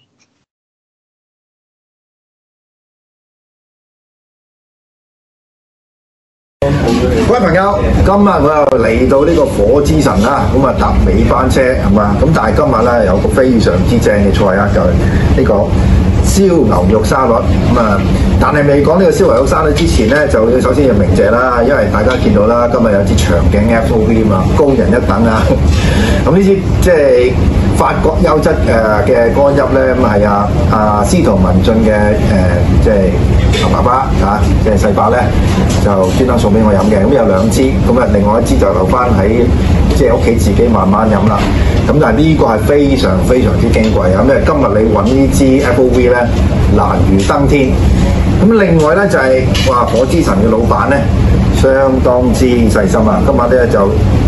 各位朋友，今日我又嚟到呢個火之神啦，咁啊搭尾班車，係嘛？咁但係今日咧有個非常之正嘅菜啊，就係呢個。燒牛肉沙律咁啊，嗯！但係未講呢個燒牛肉沙律之前咧，就首先要明謝啦，因為大家見到啦，今日有支長頸 FOV 嘛，高人一等啊！咁呢支即係法國優質誒嘅乾邑咧，咁、呃、係啊，啊司徒文進嘅誒即係。呃就是同爸爸嚇、啊，即係世伯咧就專登送俾我飲嘅，咁、嗯、有兩支，咁、嗯、啊另外一支就留翻喺即係屋企自己慢慢飲啦。咁、嗯、但係呢個係非常非常之矜貴啊！咩、嗯？今日你揾呢支 Apple V 咧難如登天。咁、嗯、另外咧就係、是、哇，火之神嘅老闆咧相當之細心啊！今晚咧就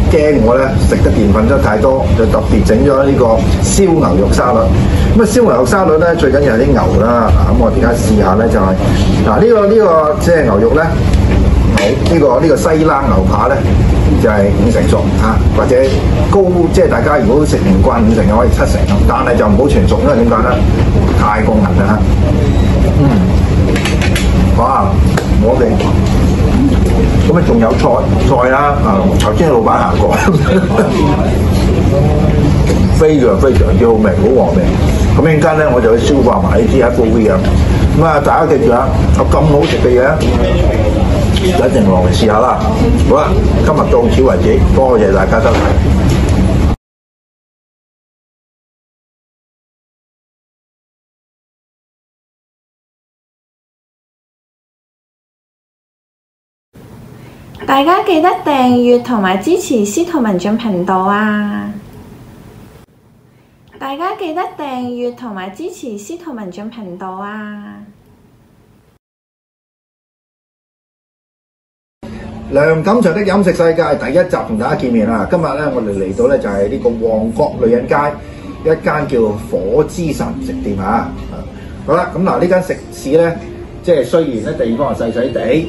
驚我咧食得澱粉質太多，就特別整咗呢個燒牛肉沙律。咁燒牛肉沙律咧，最緊要係啲牛啦。咁、啊、我而家試下咧？就係、是、嗱，呢、啊這個呢、這個即係牛肉咧，好呢個呢個西冷牛扒咧，就係、是、五成熟啊，或者高即係、就是、大家如果食唔慣五成熟，可以七成熟，但係就唔好全熟，因為點解咧？太過硬、啊嗯、啦。嗯，哇！我哋咁啊，仲有菜菜啦。啊，頭先老闆行過 非，非常非常之好味，好和味。咁陣間咧，我就去消化埋呢啲一煲嘢。咁啊，大家記住啊，有咁好食嘅嘢，大家一定落嚟試下啦。好啦，今日到此為止，多謝大家收睇。大家記得訂閱同埋支持司徒文進頻道啊！大家記得訂閱同埋支持司徒文進頻道啊！梁錦祥的飲食世界第一集同大家見面啦！今日咧，我哋嚟到咧就係、是、呢個旺角女人街一間叫火之神食店啊！好啦，咁、嗯、嗱，啊、間呢間食肆咧，即係雖然咧地方係細細地。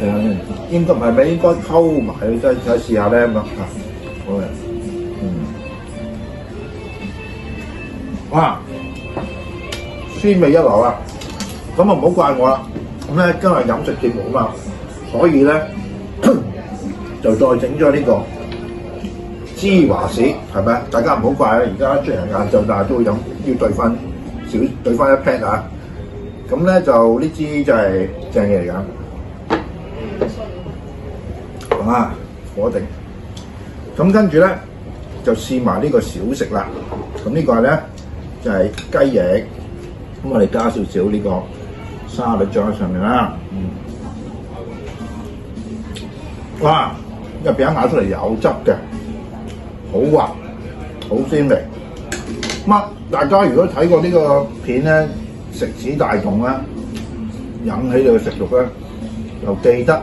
係啊、嗯，應該唔係咩？應該溝埋，即再試下呢。好啊，嗯，哇，酸味一流啊！咁就唔好怪我啦。今日飲食節目嘛，所以呢，就再整咗呢個芝華士係咪啊？大家唔好怪現在要啊！而家出嚟晏晝，但係都飲要兌翻少兌翻一 pat 啊！咁咧就呢支就係正嘢嚟㗎。啊，火定，咁跟住咧就試埋呢個小食啦。咁、這個、呢個咧就係、係、雞翼，咁我哋加少少呢個沙律醬喺上面啦。嗯，哇，入邊咬出嚟有汁嘅，好滑，好鮮味。咁大家如果睇過呢個片咧，食指大動啦，引起你嘅食慾咧，就記得。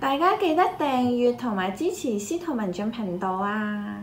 大家記得訂閱同埋支持司徒文進頻道啊！